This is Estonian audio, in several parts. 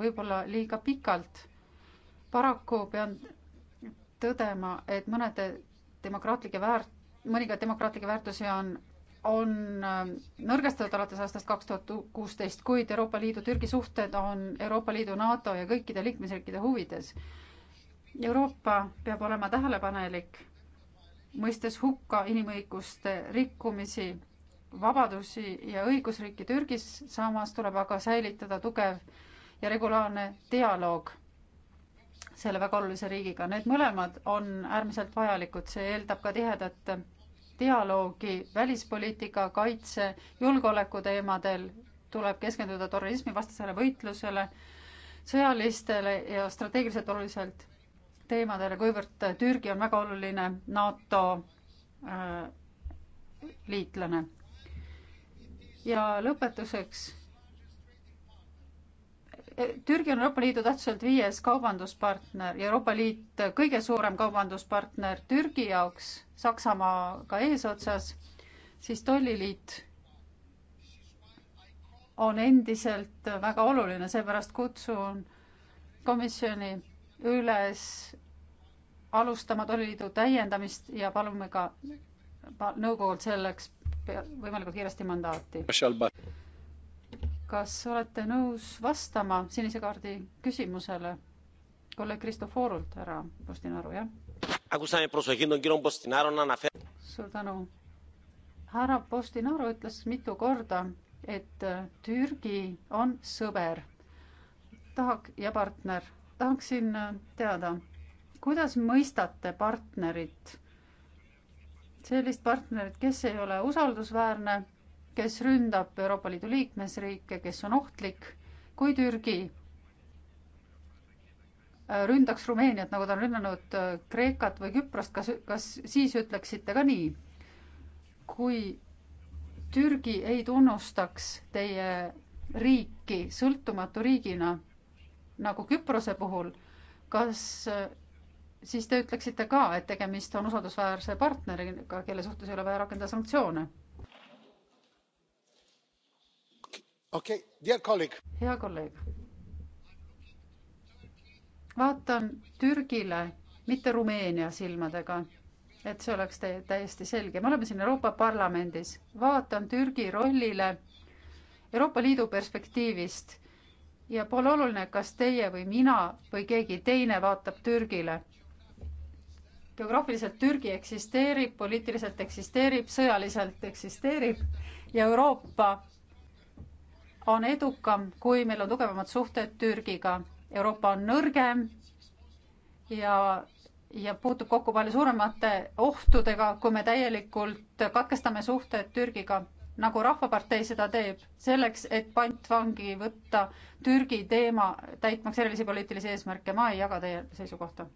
võib-olla liiga pikalt. paraku pean tõdema, et mõnede demokraatlike väärt-, mõningaid demokraatlikke väärtusi on, on äh, nõrgestatud alates aastast kaks tuhat kuusteist, kuid Euroopa Liidu-Türgi suhted on Euroopa Liidu, NATO ja kõikide liikmesriikide huvides. Euroopa peab olema tähelepanelik, mõistes hukka inimõiguste rikkumisi, vabadusi ja õigusriiki Türgis, samas tuleb aga säilitada tugev ja regulaarne dialoog selle väga olulise riigiga. Need mõlemad on äärmiselt vajalikud, see eeldab ka tihedat dialoogi välispoliitika, kaitse, julgeoleku teemadel, tuleb keskenduda terrorismivastasele võitlusele, sõjalistele ja strateegiliselt oluliselt teemadele, kuivõrd Türgi on väga oluline NATO äh, liitlane. ja lõpetuseks Türgi on Euroopa Liidu tähtsuselt viies kaubanduspartner ja Euroopa Liit kõige suurem kaubanduspartner Türgi jaoks, Saksamaaga eesotsas, siis tolliliit on endiselt väga oluline, seepärast kutsun komisjoni üles alustama tolliliidu täiendamist ja palume ka nõukogult selleks võimalikult kiiresti mandaati kas olete nõus vastama sinise kaardi küsimusele kolleeg Kristoforult, härra Postinaru, jah? suur tänu. härra Postinaru ütles mitu korda, et äh, Türgi on sõber tahak- ja partner. tahaksin äh, teada, kuidas mõistate partnerit, sellist partnerit, kes ei ole usaldusväärne kes ründab Euroopa Liidu liikmesriike, kes on ohtlik, kui Türgi äh, ründaks Rumeeniat, nagu ta on rünnanud äh, Kreekat või Küprost, kas, kas siis ütleksite ka nii? kui Türgi ei tunnustaks teie riiki sõltumatu riigina, nagu Küprose puhul, kas äh, siis te ütleksite ka, et tegemist on usaldusväärse partneriga, kelle suhtes ei ole vaja rakendada sanktsioone? Okay, hea kolleeg, vaatan Türgile, mitte Rumeenia silmadega, et see oleks täiesti selge. me oleme siin Euroopa Parlamendis, vaatan Türgi rollile Euroopa Liidu perspektiivist ja pole oluline, kas teie või mina või keegi teine vaatab Türgile. geograafiliselt Türgi eksisteerib, poliitiliselt eksisteerib, sõjaliselt eksisteerib ja Euroopa on edukam, kui meil on tugevamad suhted Türgiga. Euroopa on nõrgem ja, ja puutub kokku palju suuremate ohtudega, kui me täielikult katkestame suhted Türgiga, nagu Rahvapartei seda teeb, selleks, et pantvangi võtta Türgi teema, täitmaks erilisi poliitilisi eesmärke. ma ei jaga teie seisukohta.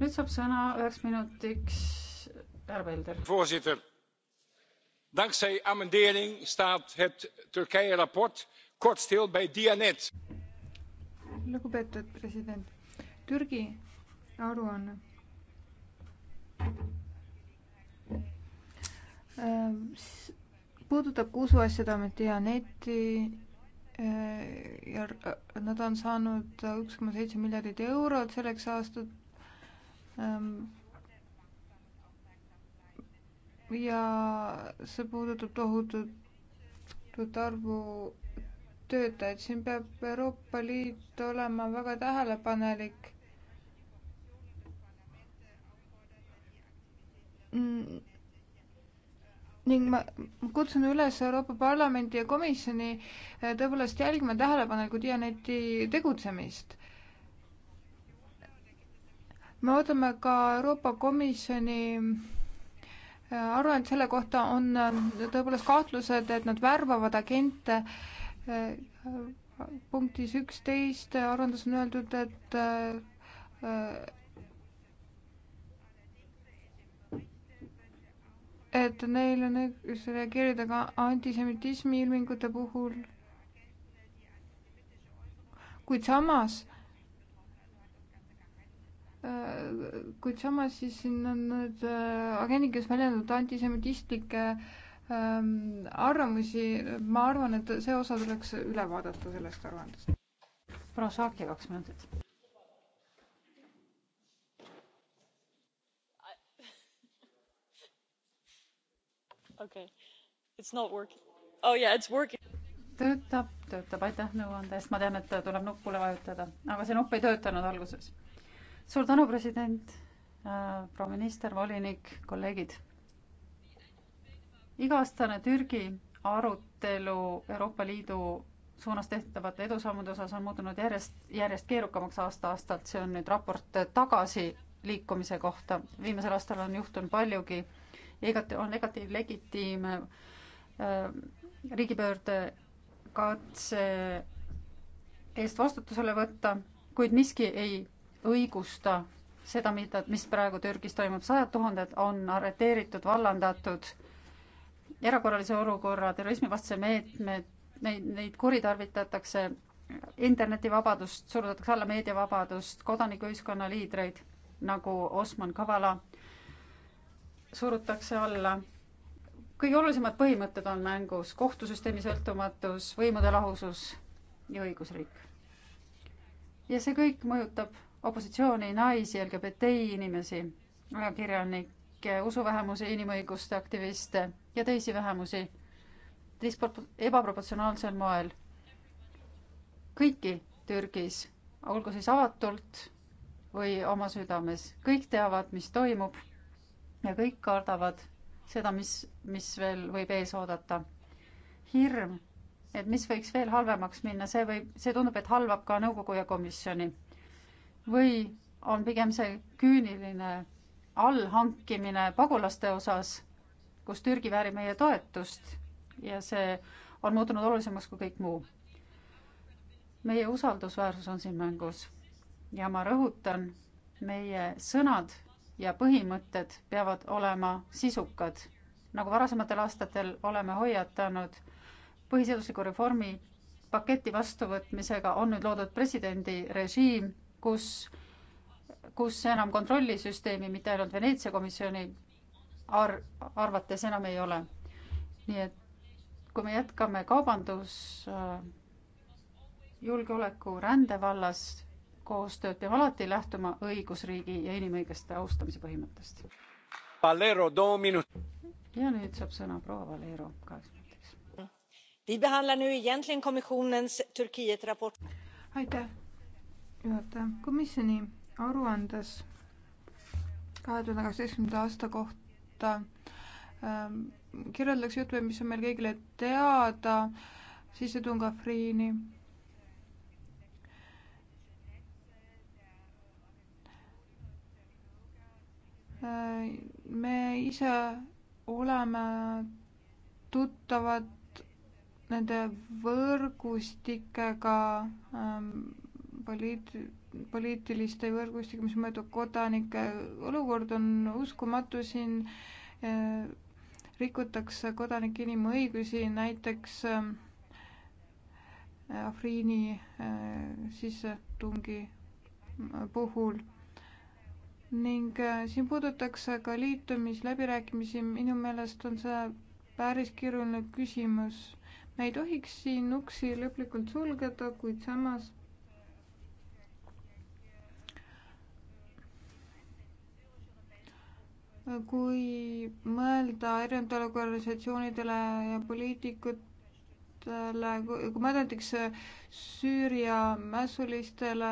nüüd saab sõna üheks minutiks härra Pelder dankzij amendering staat het turkije verslag kort stil bij diyanet. lugupeetud president türgi aruanne ähm, puudutab ka usuasjade ameti Diyaneti äh, ja äh, nad on saanud üks koma seitse miljardit eurot selleks aastat ähm, ja see puudutab tohutut arvu töötajaid, siin peab Euroopa Liit olema väga tähelepanelik. ning ma kutsun üles Euroopa Parlamendi ja komisjoni eh, tõepoolest jälgima tähelepanelikult Dianeti tegutsemist. me ootame ka Euroopa Komisjoni aruand selle kohta on äh, tõepoolest kahtlused, et nad värbavad agente. Äh, punktis üksteist aruandes on öeldud, et äh, et neil on õigus reageerida ka antisemitismi ilmingute puhul. kuid samas äh, kuid samas siis siin on nüüd äh, agendid, kes väljendavad antisemitistlikke ähm, arvamusi, ma arvan, et see osa tuleks üle vaadata sellest aruandest. proua Saaki, kaks minutit. okei okay., it's not working. oh yeah, it's working. töötab, töötab, aitäh nõuande eest, ma tean, et tuleb nupule vajutada, aga see nupp ei töötanud alguses suur tänu, president, äh, proua minister, volinik, kolleegid. iga-aastane Türgi arutelu Euroopa Liidu suunas tehtavate edusammude osas on muutunud järjest, järjest keerukamaks aasta-aastalt, see on nüüd raport tagasiliikumise kohta. viimasel aastal on juhtunud paljugi ja igati on negatiiv legitiimne äh, riigipöörde katse eest vastutusele võtta, kuid miski ei õigusta seda, mida, mis praegu Türgis toimub, sajad tuhanded on arreteeritud, vallandatud, erakorralise olukorra terrorismivastase meetmed, neid, neid kuritarvitatakse, internetivabadust, surutakse alla meediavabadust, kodanikuühiskonna liidreid nagu Osman Kavala surutakse alla. kõige olulisemad põhimõtted on mängus kohtusüsteemi sõltumatus, võimude lahusus ja õigusriik. ja see kõik mõjutab opositsiooni, naisi, LGBTI inimesi, ajakirjanikke, usuvähemusi, inimõiguste aktiviste ja teisi vähemusi dispro-, ebaproportsionaalsel moel. kõiki Türgis, olgu siis avatult või oma südames, kõik teavad, mis toimub ja kõik kardavad seda, mis, mis veel võib ees oodata. hirm, et mis võiks veel halvemaks minna, see võib, see tundub, et halvab ka nõukogu ja komisjoni või on pigem see küüniline allhankimine pagulaste osas, kus Türgi väärib meie toetust ja see on muutunud olulisemaks kui kõik muu. meie usaldusväärsus on siin mängus ja ma rõhutan, meie sõnad ja põhimõtted peavad olema sisukad. nagu varasematel aastatel oleme hoiatanud, põhiseadusliku reformi paketi vastuvõtmisega on nüüd loodud presidendi režiim, kus, kus enam kontrollisüsteemi mitte ainult Veneetsia komisjoni ar-, arvates enam ei ole. nii et kui me jätkame kaubandus äh, julgeoleku rände vallas koostööd, peab alati lähtuma õigusriigi ja inimõiguste austamise põhimõttest. Valero, too minut. ja nüüd saab sõna proua Valero kaheks minutiks. aitäh juhataja, komisjoni aruandes kahe tuhande kaheksateistkümnenda aasta kohta ähm, kirjeldatakse juttu, mis on meil kõigile teada, sissetung Afriini. Äh, me ise oleme tuttavad nende võrgustikega ähm, poliit-, poliitiliste võrgustike, mis mõjutab kodanikke, olukord on uskumatu siin eh,, rikutakse kodanike inimõigusi, näiteks eh, äh, Afriini eh, äh, sissetungi äh, puhul ning siin puudutakse ka liitumisläbirääkimisi, minu meelest on see päris keeruline küsimus. me ei tohiks siin uksi lõplikult sulgeda, kuid samas kui mõelda erinevatele organisatsioonidele ja poliitikutele, kui mõelda näiteks Süüria mässulistele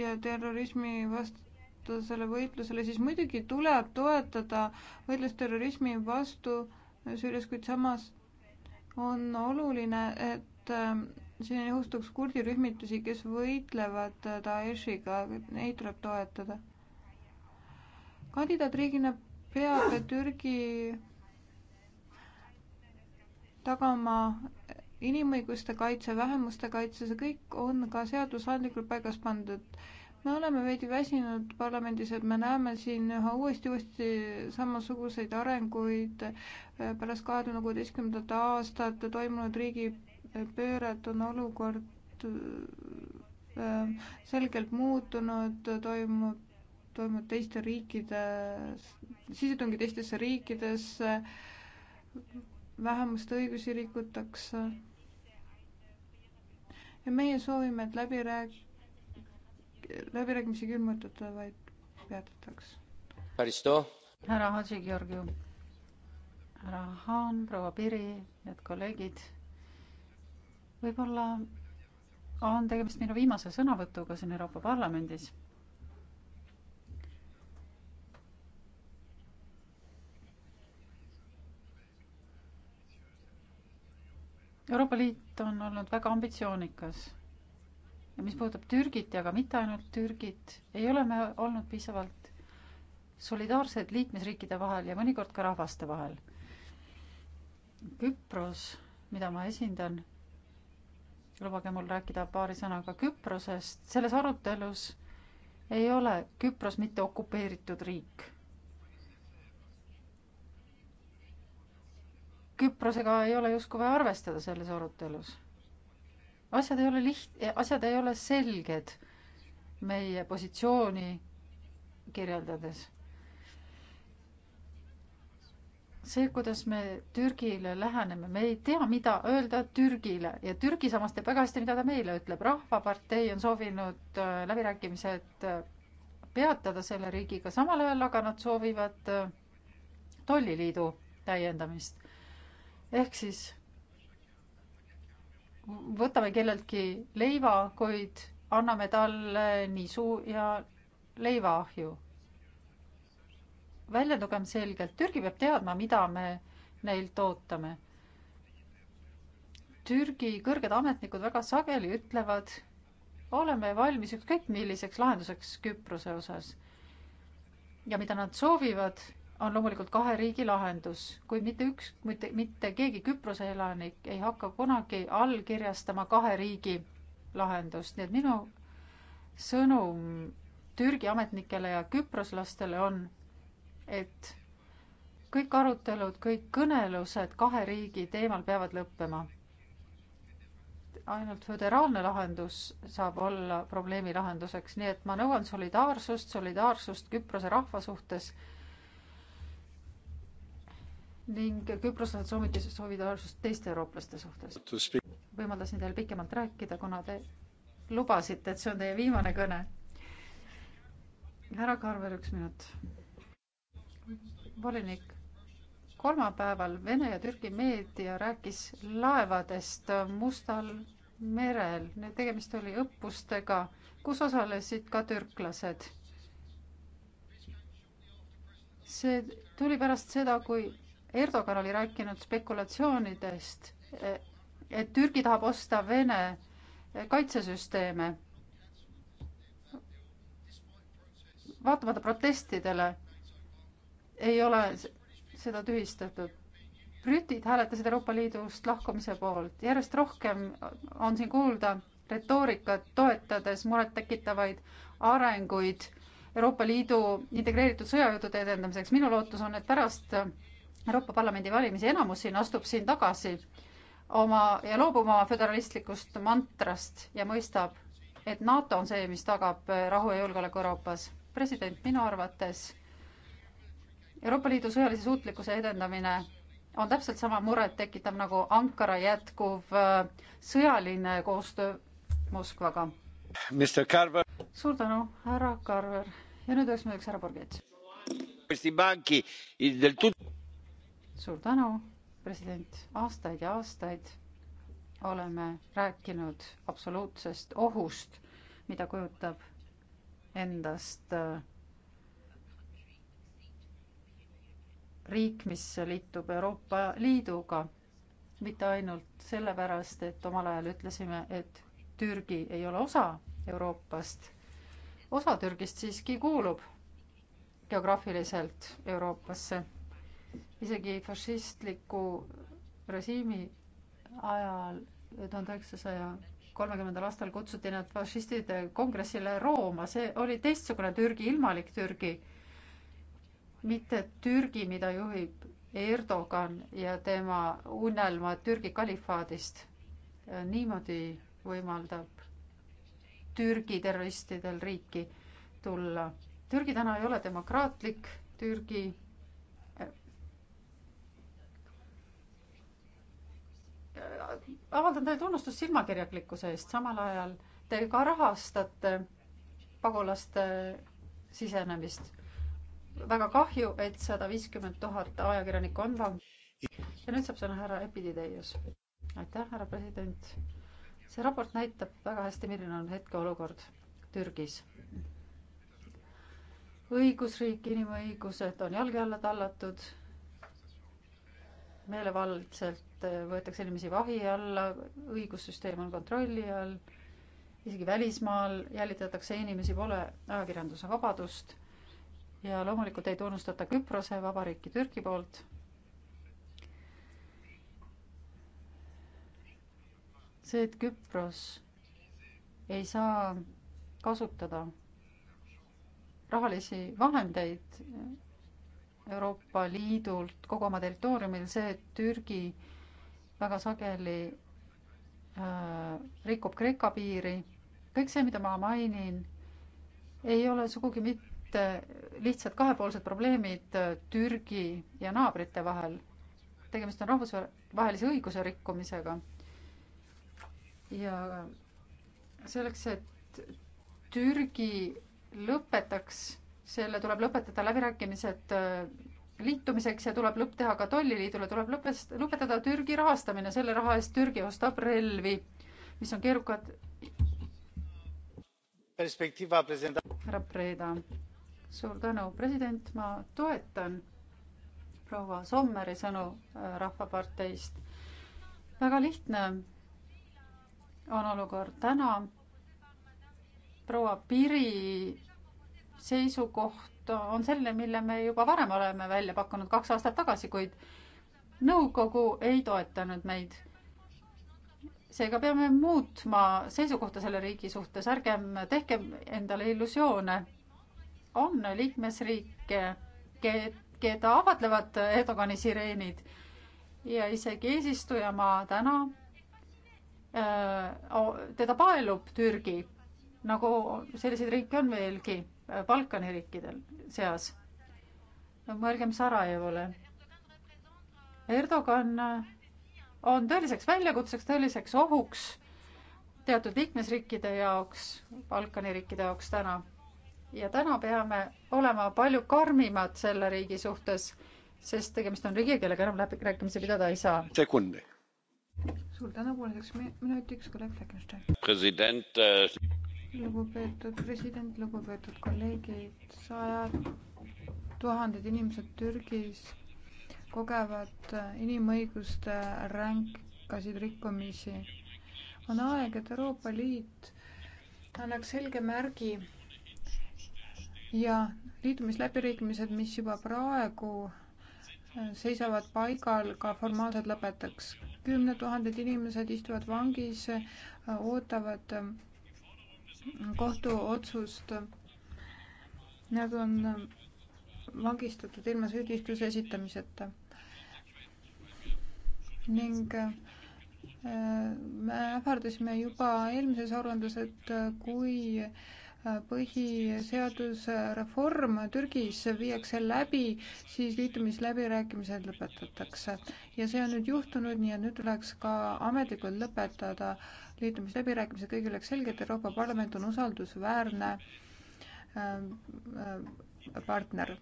ja terrorismi vastasele võitlusele, siis muidugi tuleb toetada võitlust terrorismi vastu Süürias, kuid samas on oluline, et ähm, siin ei juhtuks kurdirühmitusi, kes võitlevad Daeshiga, neid tuleb toetada kandidaatriigina peab Türgi tagama inimõiguste kaitse, vähemuste kaitse, see kõik on ka seadusandlikult paigas pandud. me oleme veidi väsinud parlamendis, et me näeme siin üha uuesti, uuesti samasuguseid arenguid pärast kahe tuhande kuueteistkümnendat aastat toimunud riigipööret on olukord äh, selgelt muutunud, toimub toimub teiste riikide, sisetungi teistesse riikidesse, vähemuste õigusi rikutakse. ja meie soovime, et läbirääk-, läbirääkimisi külmutada, vaid peatataks. härra Hadži Georgiu, härra Haan, proua Piri, head kolleegid, võib-olla on tegemist minu viimase sõnavõtuga siin Euroopa Parlamendis Euroopa Liit on olnud väga ambitsioonikas ja mis puudutab Türgit ja ka mitte ainult Türgit, ei ole me olnud piisavalt solidaarsed liikmesriikide vahel ja mõnikord ka rahvaste vahel. Küpros, mida ma esindan, lubage mul rääkida paari sõnaga Küprosest, selles arutelus ei ole Küpros mitte okupeeritud riik. Küprosega ei ole justkui vaja arvestada selles arutelus. asjad ei ole liht-, eh, asjad ei ole selged meie positsiooni kirjeldades. see, kuidas me Türgile läheneme, me ei tea, mida öelda Türgile ja Türgi samas teab väga hästi, mida ta meile ütleb. rahvapartei on soovinud äh, läbirääkimised äh, peatada selle riigiga, samal ajal aga nad soovivad äh, tolliliidu täiendamist ehk siis võtame kelleltki leiva, kuid anname talle nisu ja leivaahju. väljendugem selgelt, Türgi peab teadma, mida me neilt ootame. Türgi kõrged ametnikud väga sageli ütlevad, oleme valmis ükskõik milliseks lahenduseks Küprose osas. ja mida nad soovivad on loomulikult kahe riigi lahendus, kuid mitte üks, mitte, mitte keegi Küprose elanik ei hakka kunagi allkirjastama kahe riigi lahendust, nii et minu sõnum Türgi ametnikele ja küproslastele on, et kõik arutelud, kõik kõnelused kahe riigi teemal peavad lõppema. ainult föderaalne lahendus saab olla probleemi lahenduseks, nii et ma nõuan solidaarsust, solidaarsust Küprose rahva suhtes ning küproslased soovitasid solidaarsust teiste eurooplaste suhtes. võimaldasin teil pikemalt rääkida, kuna te lubasite, et see on teie viimane kõne. härra Karver, üks minut. volinik, kolmapäeval Vene ja Türgi meedia rääkis laevadest Mustal merel, tegemist oli õppustega, kus osalesid ka türklased. see tuli pärast seda, kui Erdogan oli rääkinud spekulatsioonidest, et Türgi tahab osta Vene kaitsesüsteeme. vaatamata protestidele ei ole seda tühistatud. britid hääletasid Euroopa Liidust lahkumise poolt, järjest rohkem on siin kuulda retoorikat toetades murettekitavaid arenguid Euroopa Liidu integreeritud sõjajõudude edendamiseks. minu lootus on, et pärast Euroopa Parlamendi valimise enamus siin astub siin tagasi oma ja loobuma föderalistlikust mantrast ja mõistab, et NATO on see, mis tagab rahu ja julgeoleku Euroopas. president, minu arvates Euroopa Liidu sõjalise suutlikkuse edendamine on täpselt sama muret tekitav nagu Ankara jätkuv äh, sõjaline koostöö Moskvaga. suur tänu, härra Carver ja nüüd üheks minutiks härra Borgets suur tänu, president, aastaid ja aastaid oleme rääkinud absoluutsest ohust, mida kujutab endast äh, riik, mis liitub Euroopa Liiduga, mitte ainult sellepärast, et omal ajal ütlesime, et Türgi ei ole osa Euroopast, osa Türgist siiski kuulub geograafiliselt Euroopasse isegi fašistliku režiimi ajal tuhande üheksasaja kolmekümnendal aastal kutsuti nad fašistide kongressile Rooma, see oli teistsugune Türgi, ilmalik Türgi, mitte Türgi, mida juhib Erdogan ja tema unelmad Türgi kalifaadist. Äh, niimoodi võimaldab Türgi terroristidel riiki tulla. Türgi täna ei ole demokraatlik, Türgi Äh, avaldan teile tunnustust silmakirjaklikkuse eest, samal ajal te ka rahastate pagulaste sisenemist. väga kahju, et sada viiskümmend tuhat ajakirjanikku on vang-. ja nüüd saab sõna härra Epidideius. aitäh, härra president. see raport näitab väga hästi, milline on hetkeolukord Türgis. õigusriik, inimõigused on jalge alla tallatud meelevaldselt et äh, võetakse inimesi vahi alla, õigussüsteem on kontrolli all, isegi välismaal jälitatakse inimesi, pole ajakirjanduse vabadust ja loomulikult ei tunnustata Küprose Vabariiki Türgi poolt. see, et Küpros ei saa kasutada rahalisi vahendeid Euroopa Liidult kogu oma territooriumil, see, et Türgi väga sageli äh, rikub Kreeka piiri. kõik see, mida ma mainin, ei ole sugugi mitte lihtsalt kahepoolsed probleemid äh, Türgi ja naabrite vahel. tegemist on rahvusvahelise õiguse rikkumisega. ja selleks, et Türgi lõpetaks selle, tuleb lõpetada läbirääkimised äh, liitumiseks ja tuleb lõpp teha ka tolliliidule, tuleb lõpest, lõpetada Türgi rahastamine, selle raha eest Türgi ostab relvi, mis on keerukad. härra Preda, suur tänu, president, ma toetan proua Sommeri sõnu äh, Rahvaparteist. väga lihtne on olukord täna. proua Piri seisukoht on selline, mille me juba varem oleme välja pakkunud kaks aastat tagasi, kuid nõukogu ei toetanud meid. seega peame muutma seisukohta selle riigi suhtes, ärgem tehkem endale illusioone. on liikmesriike, keda ahvatlevad Erdogani sireenid ja isegi eesistujamaa täna äh, teda paelub Türgi, nagu selliseid riike on veelgi Balkani riikidel seas. mõelgem Sarajevole. Erdogan äh, on tõeliseks väljakutseks, tõeliseks ohuks teatud liikmesriikide jaoks, Balkani riikide jaoks täna. ja täna peame olema palju karmimad selle riigi suhtes, sest tegemist on riigiga, kellega enam läbirääkimisi pidada ei saa. sekundi. suur tänu pooleteiseks minutiks, kolleeg Fleckenstein. president äh lugupeetud president, lugupeetud kolleegid, sajad tuhanded inimesed Türgis kogevad äh, inimõiguste ränkasid rikkumisi. on aeg, et Euroopa Liit annaks selge märgi ja liitumisläbirääkimised, mis juba praegu äh, seisavad paigal, ka formaalselt lõpetaks. kümned tuhanded inimesed istuvad vangis, äh, ootavad kohtuotsust. Nad on vangistatud ilma süüdistuse esitamiseta. ning äh, me ähvardasime juba eelmises aruandes, et kui äh, põhiseaduse reform Türgis viiakse läbi, siis liitumisläbirääkimised lõpetatakse. ja see on nüüd juhtunud, nii et nüüd tuleks ka ametlikult lõpetada äh, liitumisläbirääkimised kõigile oleks selge, et Euroopa Parlament on usaldusväärne ähm, äh, partner.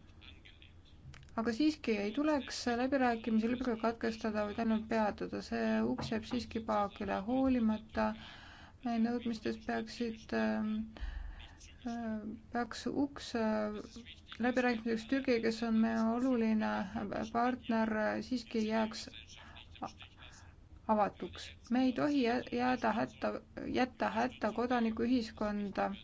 aga siiski ei tuleks läbirääkimisi lõpuga katkestada, vaid ainult peatada, see uks jääb siiski paagile, hoolimata meie nõudmistest peaksid ähm, äh, peaks uks äh, läbirääkimiseks Türgiga, kes on meie oluline partner, siiski jääks avatuks. me ei tohi jääda hätta, jätta hätta kodanikuühiskonda.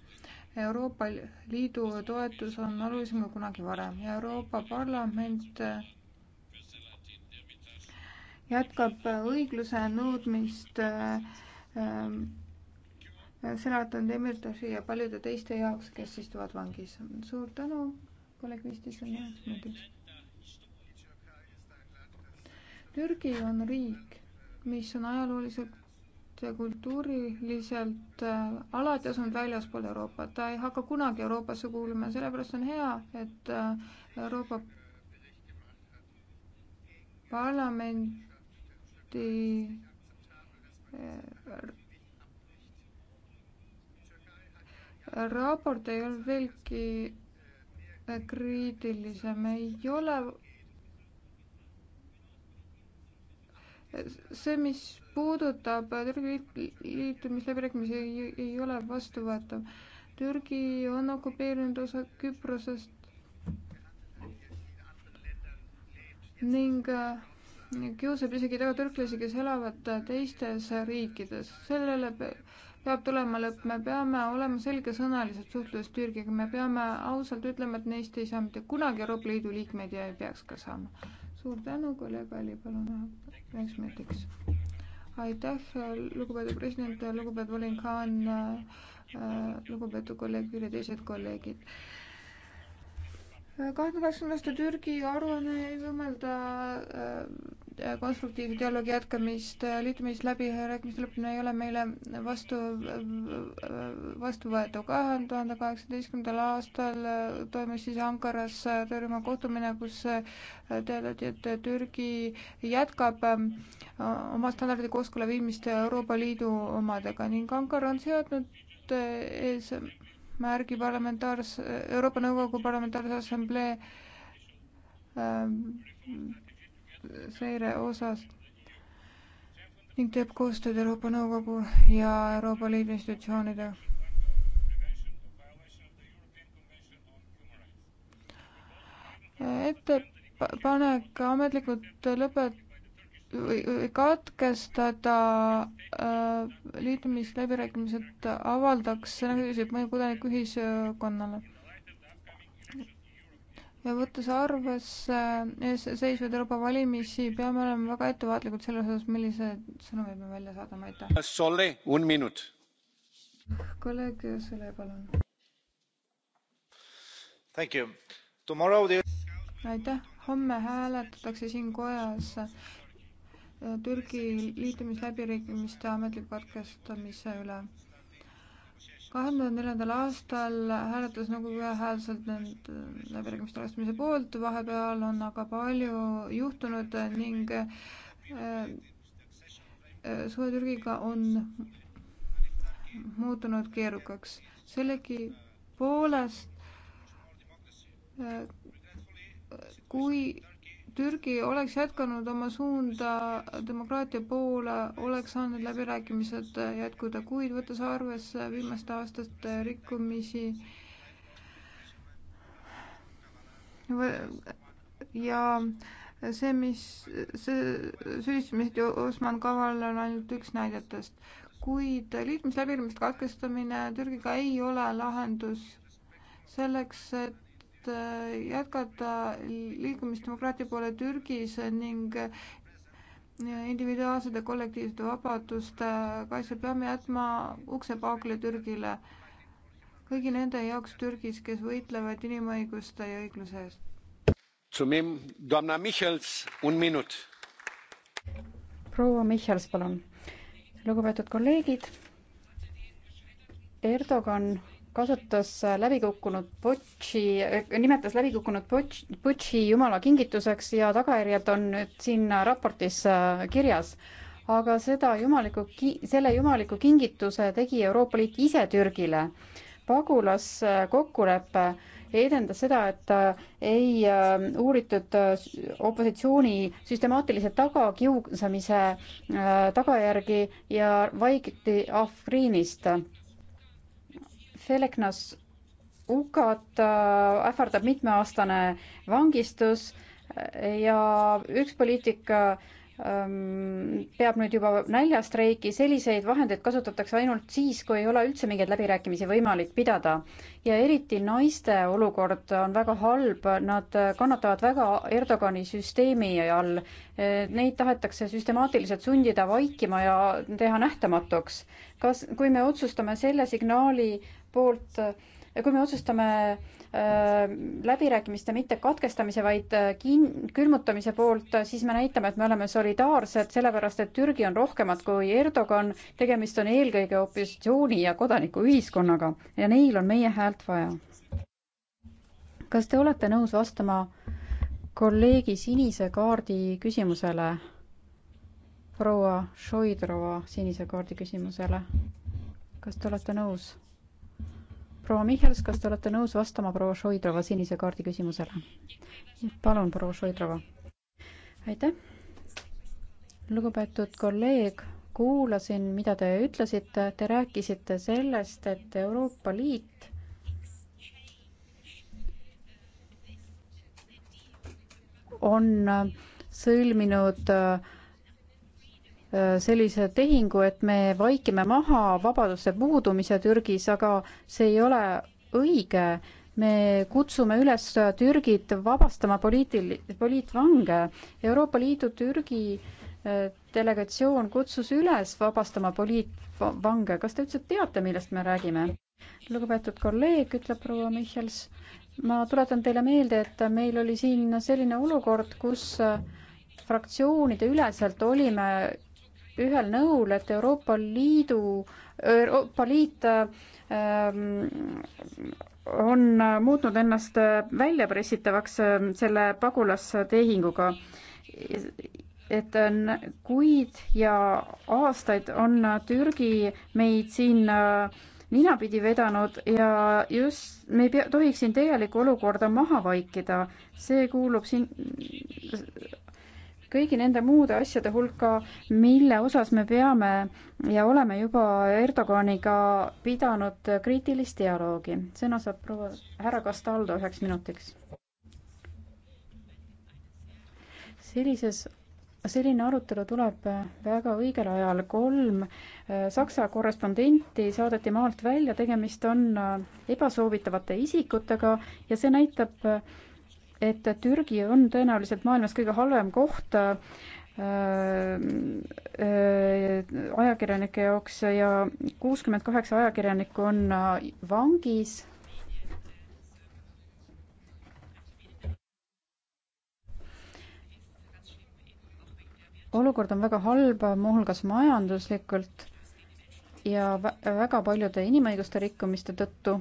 Euroopa Liidu toetus on olulisem kui kunagi varem ja Euroopa Parlament jätkab õigluse nõudmist äh, äh, Selatan Demirtaši ja paljude teiste jaoks, kes istuvad vangis. suur tänu, kolleeg Vistisele. Türgi on riik, mis on ajalooliselt ja kultuuriliselt äh, alati asunud väljaspool Euroopat. ta ei hakka kunagi Euroopasse kuuluma ja sellepärast on hea, et äh, Euroopa Parlamenti äh, raport ei olnud veelgi kriitilisem, ei ole see, mis puudutab Türgi liitumisläbirääkimisi, ei, ei ole vastuvõetav. Türgi on okupeerinud osa Küprosest ning äh, kiusab isegi taga türklasi, kes elavad teistes riikides. sellele peab tulema lõpp, me peame olema selgesõnalised suhtluses Türgiga, me peame ausalt ütlema, et neist ei saa mitte kunagi Euroopa Liidu liikmeid ja ei peaks ka saama suur tänu, kolleeg Väli, palun üheks minutiks. aitäh, lugupeetud president, lugupeetud Olin Khan, äh, lugupeetud kolleeg Jüri, teised kolleegid kahekümne kaheksanda aasta Türgi aruanne ei võimalda äh, Äh, konstruktiivse dialoogi jätkamist, äh, liitumisläbirääkimiste lõpuni ei ole meile vastu, äh, vastuvõetav. kahe tuhande kaheksateistkümnendal aastal toimus siis Ankaras töörühma kohtumine, kus teadeti, et Türgi jätkab oma standardi kooskõla viimist Euroopa Liidu omadega ning Ankara on seadnud ees märgi parlamentaarse, Euroopa Nõukogu Parlamentaarse Assamblee seire osas ning teeb koostööd Euroopa Nõukogu ja Euroopa Liidu institutsioonidega. ettepanek ametlikult lõpet- või katkestada äh, liitumisläbirääkimised avaldaks negatiivseid mõju kodanikuühiskonnale ja võttes arvesse äh, eesseisvaid Euroopa valimisi, peame olema väga ettevaatlikud selle osas, millise sõnumi me välja saadame, aitäh. Solle, un minut. kolleeg Solle, palun. Thank you. Tomorrow the aitäh, homme hääletatakse siin kojas äh, Türgi liitumisläbirääkimiste ametliku katkestamise üle kahekümne neljandal aastal hääletas nõukogu ühehäälselt nende läbirääkimiste alastamise poolt, vahepeal on aga palju juhtunud ning äh, äh, suhe Türgiga on muutunud keerukaks. sellegipoolest äh, kui Türgi oleks jätkanud oma suunda demokraatia poole, oleks saanud läbirääkimised jätkuda, kuid võttes arvesse viimaste aastate rikkumisi ja see, mis, see süüdistamised Osman Kaval on ainult üks näidetest, kuid liitumisläbirääkimiste katkestamine Türgiga ei ole lahendus selleks, et et äh, jätkata liikumist demokraatia poole Türgis ning individuaalsete kollektiivsete vabaduste kaitsel peame jätma ukse paagile Türgile kõigi nende jaoks Türgis, kes võitlevad inimõiguste ja õigluse eest. proua Michals, palun. lugupeetud kolleegid, Erdogan kasutas läbikukkunud botši, nimetas läbikukkunud botš, botši jumala kingituseks ja tagajärjed on nüüd siin raportis äh, kirjas. aga seda jumaliku, selle jumaliku kingituse tegi Euroopa Liit ise Türgile. pagulaskokkulepe äh, edendas seda, et äh, ei uuritud opositsiooni süstemaatilise tagakiusamise tagajärgi ja vaikiti Afrinist Feleknas Ukat äh, ähvardab mitmeaastane vangistus äh, ja üks poliitik ähm, peab nüüd juba näljastreiki, selliseid vahendeid kasutatakse ainult siis, kui ei ole üldse mingeid läbirääkimisi võimalik pidada. ja eriti naiste olukord on väga halb, nad äh, kannatavad väga Erdogani süsteemi all. Neid tahetakse süstemaatiliselt sundida vaikima ja teha nähtamatuks. kas, kui me otsustame selle signaali poolt, kui me otsustame äh, läbirääkimiste mitte katkestamise, vaid äh, kin-, külmutamise poolt, siis me näitame, et me oleme solidaarsed, sellepärast et Türgi on rohkemad kui Erdogan, tegemist on eelkõige opositsiooni ja kodanikuühiskonnaga ja neil on meie häält vaja. kas te olete nõus vastama kolleegi sinise kaardi küsimusele? proua Šoidrova sinise kaardi küsimusele. kas te olete nõus? proua Michals, kas te olete nõus vastama proua Šoidrova sinise kaardi küsimusele? palun, proua Šoidrova. aitäh. lugupeetud kolleeg, kuulasin, mida te ütlesite, te rääkisite sellest, et Euroopa Liit on sõlminud äh, Äh, sellise tehingu, et me vaikime maha vabaduse puudumise Türgis, aga see ei ole õige. me kutsume üles Türgit vabastama poliitil-, poliitvange. Euroopa Liidu Türgi äh, delegatsioon kutsus üles vabastama poliitvange. kas te üldse teate, millest me räägime? lugupeetud kolleeg, ütleb proua Michals, ma tuletan teile meelde, et meil oli siin selline olukord, kus äh, fraktsioonide üleselt olime ühel nõul, et Euroopa Liidu, Euroopa Liit ähm, on muutnud ennast väljapressitavaks ähm, selle pagulastehinguga. et kuid ja aastaid on Türgi meid siin äh, ninapidi vedanud ja just me ei pea, tohiks siin tegelikku olukorda maha vaikida, see kuulub siin kõigi nende muude asjade hulka, mille osas me peame ja oleme juba Erdoganiga pidanud kriitilist dialoogi. sõna saab proua härra Castaldo üheks minutiks. sellises selline arutelu tuleb väga õigel ajal. kolm äh, Saksa korrespondenti saadeti maalt välja, tegemist on äh, ebasoovitavate isikutega ja see näitab äh, et Türgi on tõenäoliselt maailmas kõige halvem koht äh, äh, ajakirjanike jaoks ja kuuskümmend kaheksa ajakirjanikku on äh, vangis. olukord on väga halb, muuhulgas majanduslikult ja väga paljude inimõiguste rikkumiste tõttu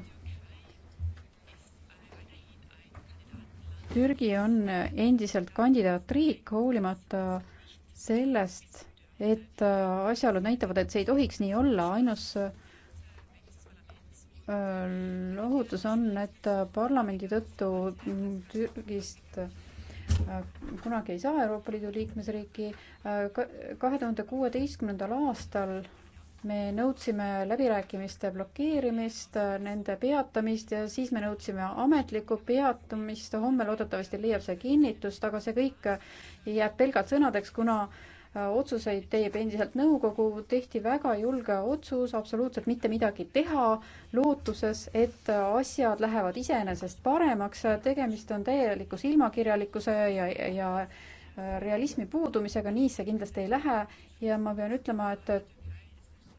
Türgi on endiselt kandidaatriik, hoolimata sellest, et äh, asjaolud näitavad, et see ei tohiks nii olla, ainus lohutus äh, on, et äh, parlamendi tõttu Türgist kunagi ei saa Euroopa Liidu liikmesriiki. kahe tuhande kuueteistkümnendal aastal me nõudsime läbirääkimiste blokeerimist, nende peatamist ja siis me nõudsime ametlikku peatumist, homme loodetavasti leiab see kinnitust, aga see kõik jääb pelgalt sõnadeks, kuna äh, otsuseid teeb endiselt nõukogu, tehti väga julge otsus, absoluutselt mitte midagi teha, lootuses, et asjad lähevad iseenesest paremaks, tegemist on täieliku silmakirjalikkuse ja, ja äh, realismi puudumisega, nii see kindlasti ei lähe ja ma pean ütlema, et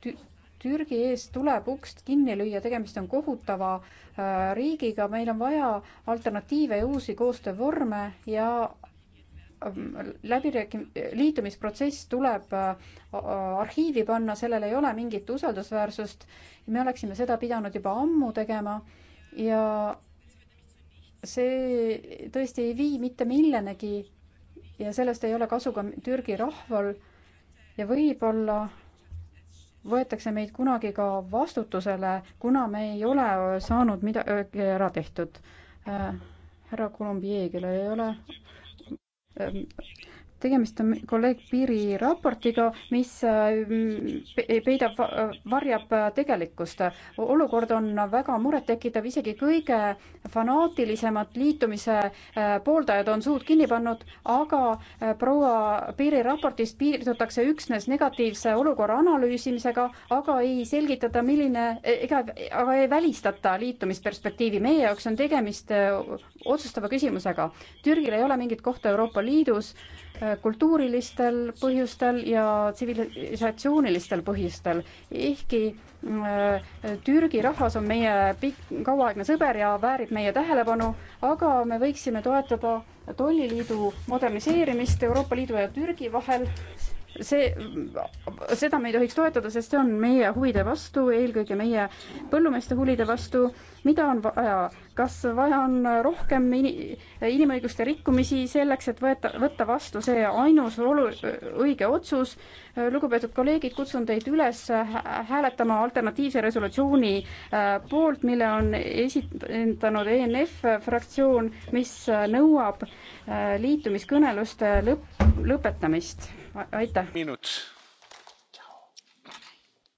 Türgi ees tuleb uks kinni lüüa, tegemist on kohutava äh, riigiga, meil on vaja alternatiive ja uusi koostöövorme ja ähm, läbirääkim-, liitumisprotsess tuleb äh, arhiivi panna, sellel ei ole mingit usaldusväärsust. me oleksime seda pidanud juba ammu tegema ja see tõesti ei vii mitte millenegi ja sellest ei ole kasu ka Türgi rahval ja võib-olla võetakse meid kunagi ka vastutusele, kuna me ei ole saanud midagi ära tehtud. Äh, härra Colombier, kellel ei ole ähm, tegemist on kolleeg Piiri raportiga, mis äh, peidab, varjab äh, tegelikkust. olukord on väga murettekitav, isegi kõige fanaatilisemad liitumise äh, pooldajad on suud kinni pannud, aga proua Piiri raportis piirdutakse üksnes negatiivse olukorra analüüsimisega, aga ei selgitata, milline, ega, aga ei välistata liitumisperspektiivi. meie jaoks on tegemist otsustava küsimusega. Türgil ei ole mingit kohta Euroopa Liidus Äh, kultuurilistel põhjustel ja tsivilisatsioonilistel põhjustel. ehkki äh, Türgi rahvas on meie pikk, kauaaegne sõber ja väärib meie tähelepanu, aga me võiksime toetada tolliliidu moderniseerimist Euroopa Liidu ja Türgi vahel see, seda me ei tohiks toetada, sest see on meie huvide vastu, eelkõige meie põllumeeste huvide vastu. mida on vaja, kas vaja on rohkem in, inimõiguste rikkumisi selleks, et võeta, võtta vastu see ainus olu-, õige otsus? lugupeetud kolleegid, kutsun teid üles hääletama alternatiivse resolutsiooni äh, poolt, mille on esitanud ENF fraktsioon, mis nõuab äh, liitumiskõneluste lõpp, lõpetamist aitäh.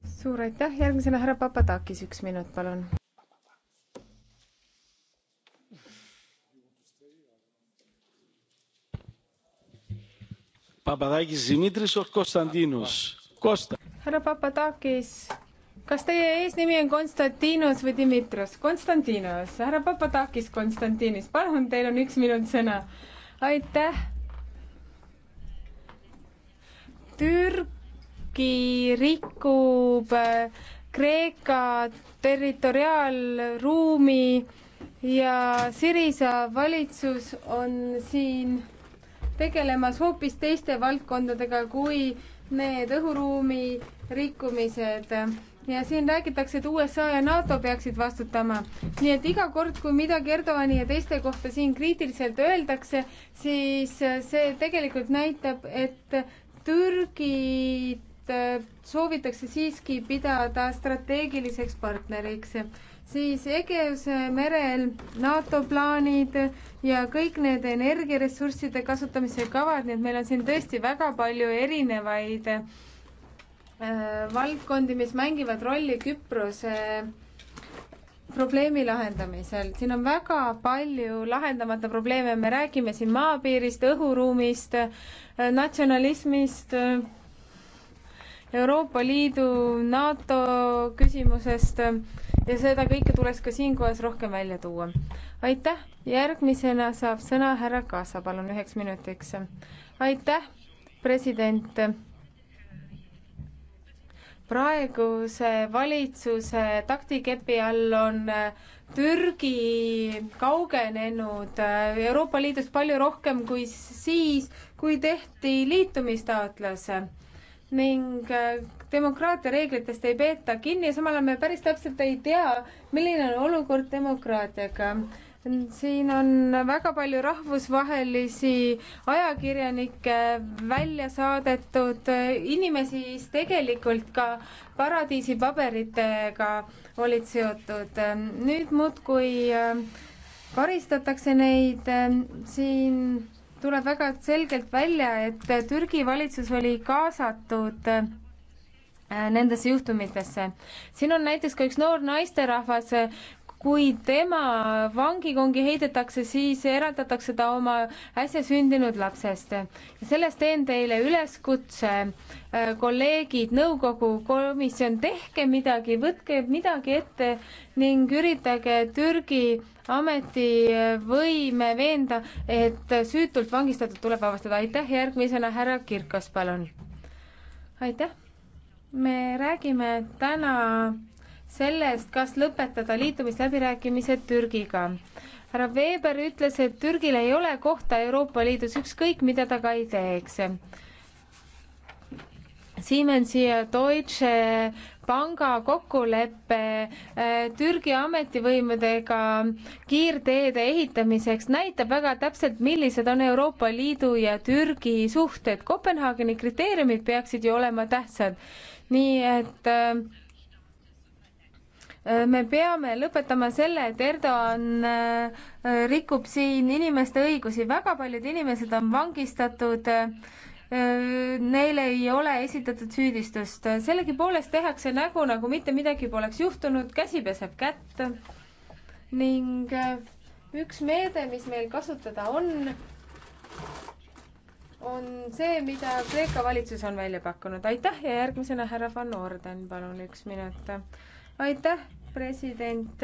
suur aitäh, järgmisena härra Papadakis, üks minut, palun. Papadakis Dimitris või Konstantinos? härra Papadakis, kas teie eesnimi on Konstantinos või Dimitros? Konstantinos, härra Papadakis Konstantinis, palun, teil on üks minut sõna. aitäh Türgi rikub äh, Kreeka territoriaalruumi ja Sirisa valitsus on siin tegelemas hoopis teiste valdkondadega kui need õhuruumi rikkumised. ja siin räägitakse, et USA ja NATO peaksid vastutama. nii et iga kord, kui midagi Erdogani ja teiste kohta siin kriitiliselt öeldakse, siis see tegelikult näitab, et Türgit äh, soovitakse siiski pidada strateegiliseks partneriks, siis Egeuse merel NATO plaanid ja kõik need energiaressursside kasutamise kavad, nii et meil on siin tõesti väga palju erinevaid äh, valdkondi, mis mängivad rolli Küprose äh, probleemi lahendamisel, siin on väga palju lahendamata probleeme, me räägime siin maapiirist, õhuruumist, natsionalismist, Euroopa Liidu, NATO küsimusest ja seda kõike tuleks ka siinkohas rohkem välja tuua. aitäh, järgmisena saab sõna härra Kaasa, palun üheks minutiks. aitäh, president praeguse valitsuse taktikepi all on äh, Türgi kaugenenud äh, Euroopa Liidust palju rohkem kui siis, kui tehti liitumistaotlus ning äh, demokraatia reeglitest ei peeta kinni ja samal ajal me päris täpselt ei tea, milline on olukord demokraatiaga siin on väga palju rahvusvahelisi ajakirjanikke välja saadetud, inimesi, kes tegelikult ka paradiisipaberitega olid seotud. nüüd muudkui äh, karistatakse neid äh, siin tuleb väga selgelt välja, et äh, Türgi valitsus oli kaasatud nendesse juhtumitesse. siin on näiteks ka üks noor naisterahvas, kui tema vangikongi heidetakse, siis eraldatakse ta oma äsja sündinud lapsest. sellest teen teile üleskutse, äh, kolleegid, nõukogu komisjon, tehke midagi, võtke midagi ette ning üritage Türgi ametivõime veenda, et süütult vangistatud tuleb vabastada. aitäh, järgmisena härra Kirkas, palun. aitäh, me räägime täna sellest, kas lõpetada liitumisläbirääkimised Türgiga. härra Weber ütles, et Türgil ei ole kohta Euroopa Liidus, ükskõik mida ta ka ei teeks. Siemensi ja Deutsche panga kokkulepe äh, Türgi ametivõimudega kiirteede ehitamiseks näitab väga täpselt, millised on Euroopa Liidu ja Türgi suhted. Kopenhaageni kriteeriumid peaksid ju olema tähtsad. nii et äh, me peame lõpetama selle, et Erdoğan äh, rikub siin inimeste õigusi, väga paljud inimesed on vangistatud, äh, neile ei ole esitatud süüdistust, sellegipoolest tehakse nägu, nagu mitte midagi poleks juhtunud, käsi peseb kätt ning äh, üks meede, mis meil kasutada on, on see, mida Kreeka valitsus on välja pakkunud. aitäh ja järgmisena härra Van Orden, palun üks minut. aitäh president,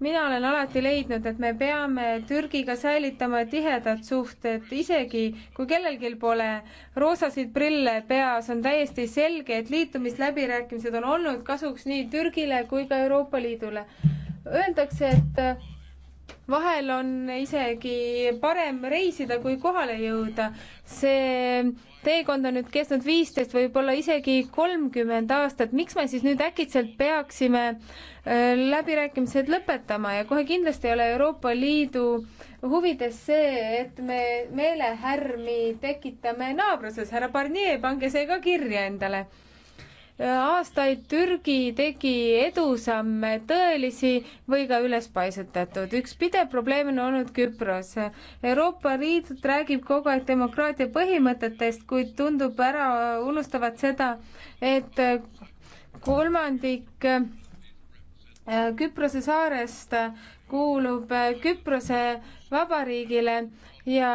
mina olen alati leidnud, et me peame Türgiga säilitama tihedad suhted, isegi kui kellelgi pole roosasid prille peas, on täiesti selge, et liitumisläbirääkimised on olnud kasuks nii Türgile kui ka Euroopa Liidule. Öeldakse, et vahel on isegi parem reisida, kui kohale jõuda. see teekond on nüüd kestnud viisteist, võib-olla isegi kolmkümmend aastat, miks me siis nüüd äkitselt peaksime äh, läbirääkimised lõpetama ja kohe kindlasti ei ole Euroopa Liidu huvides see, et me meelehärmi tekitame naabruses. härra Barnier, pange see ka kirja endale aastaid Türgi tegi edusamme tõelisi või ka ülespaisutatud. üks pidev probleem on olnud Küpros. Euroopa Liit räägib kogu aeg demokraatia põhimõtetest, kuid tundub ära, unustavad seda, et kolmandik äh, Küprose saarest kuulub äh, Küprose vabariigile ja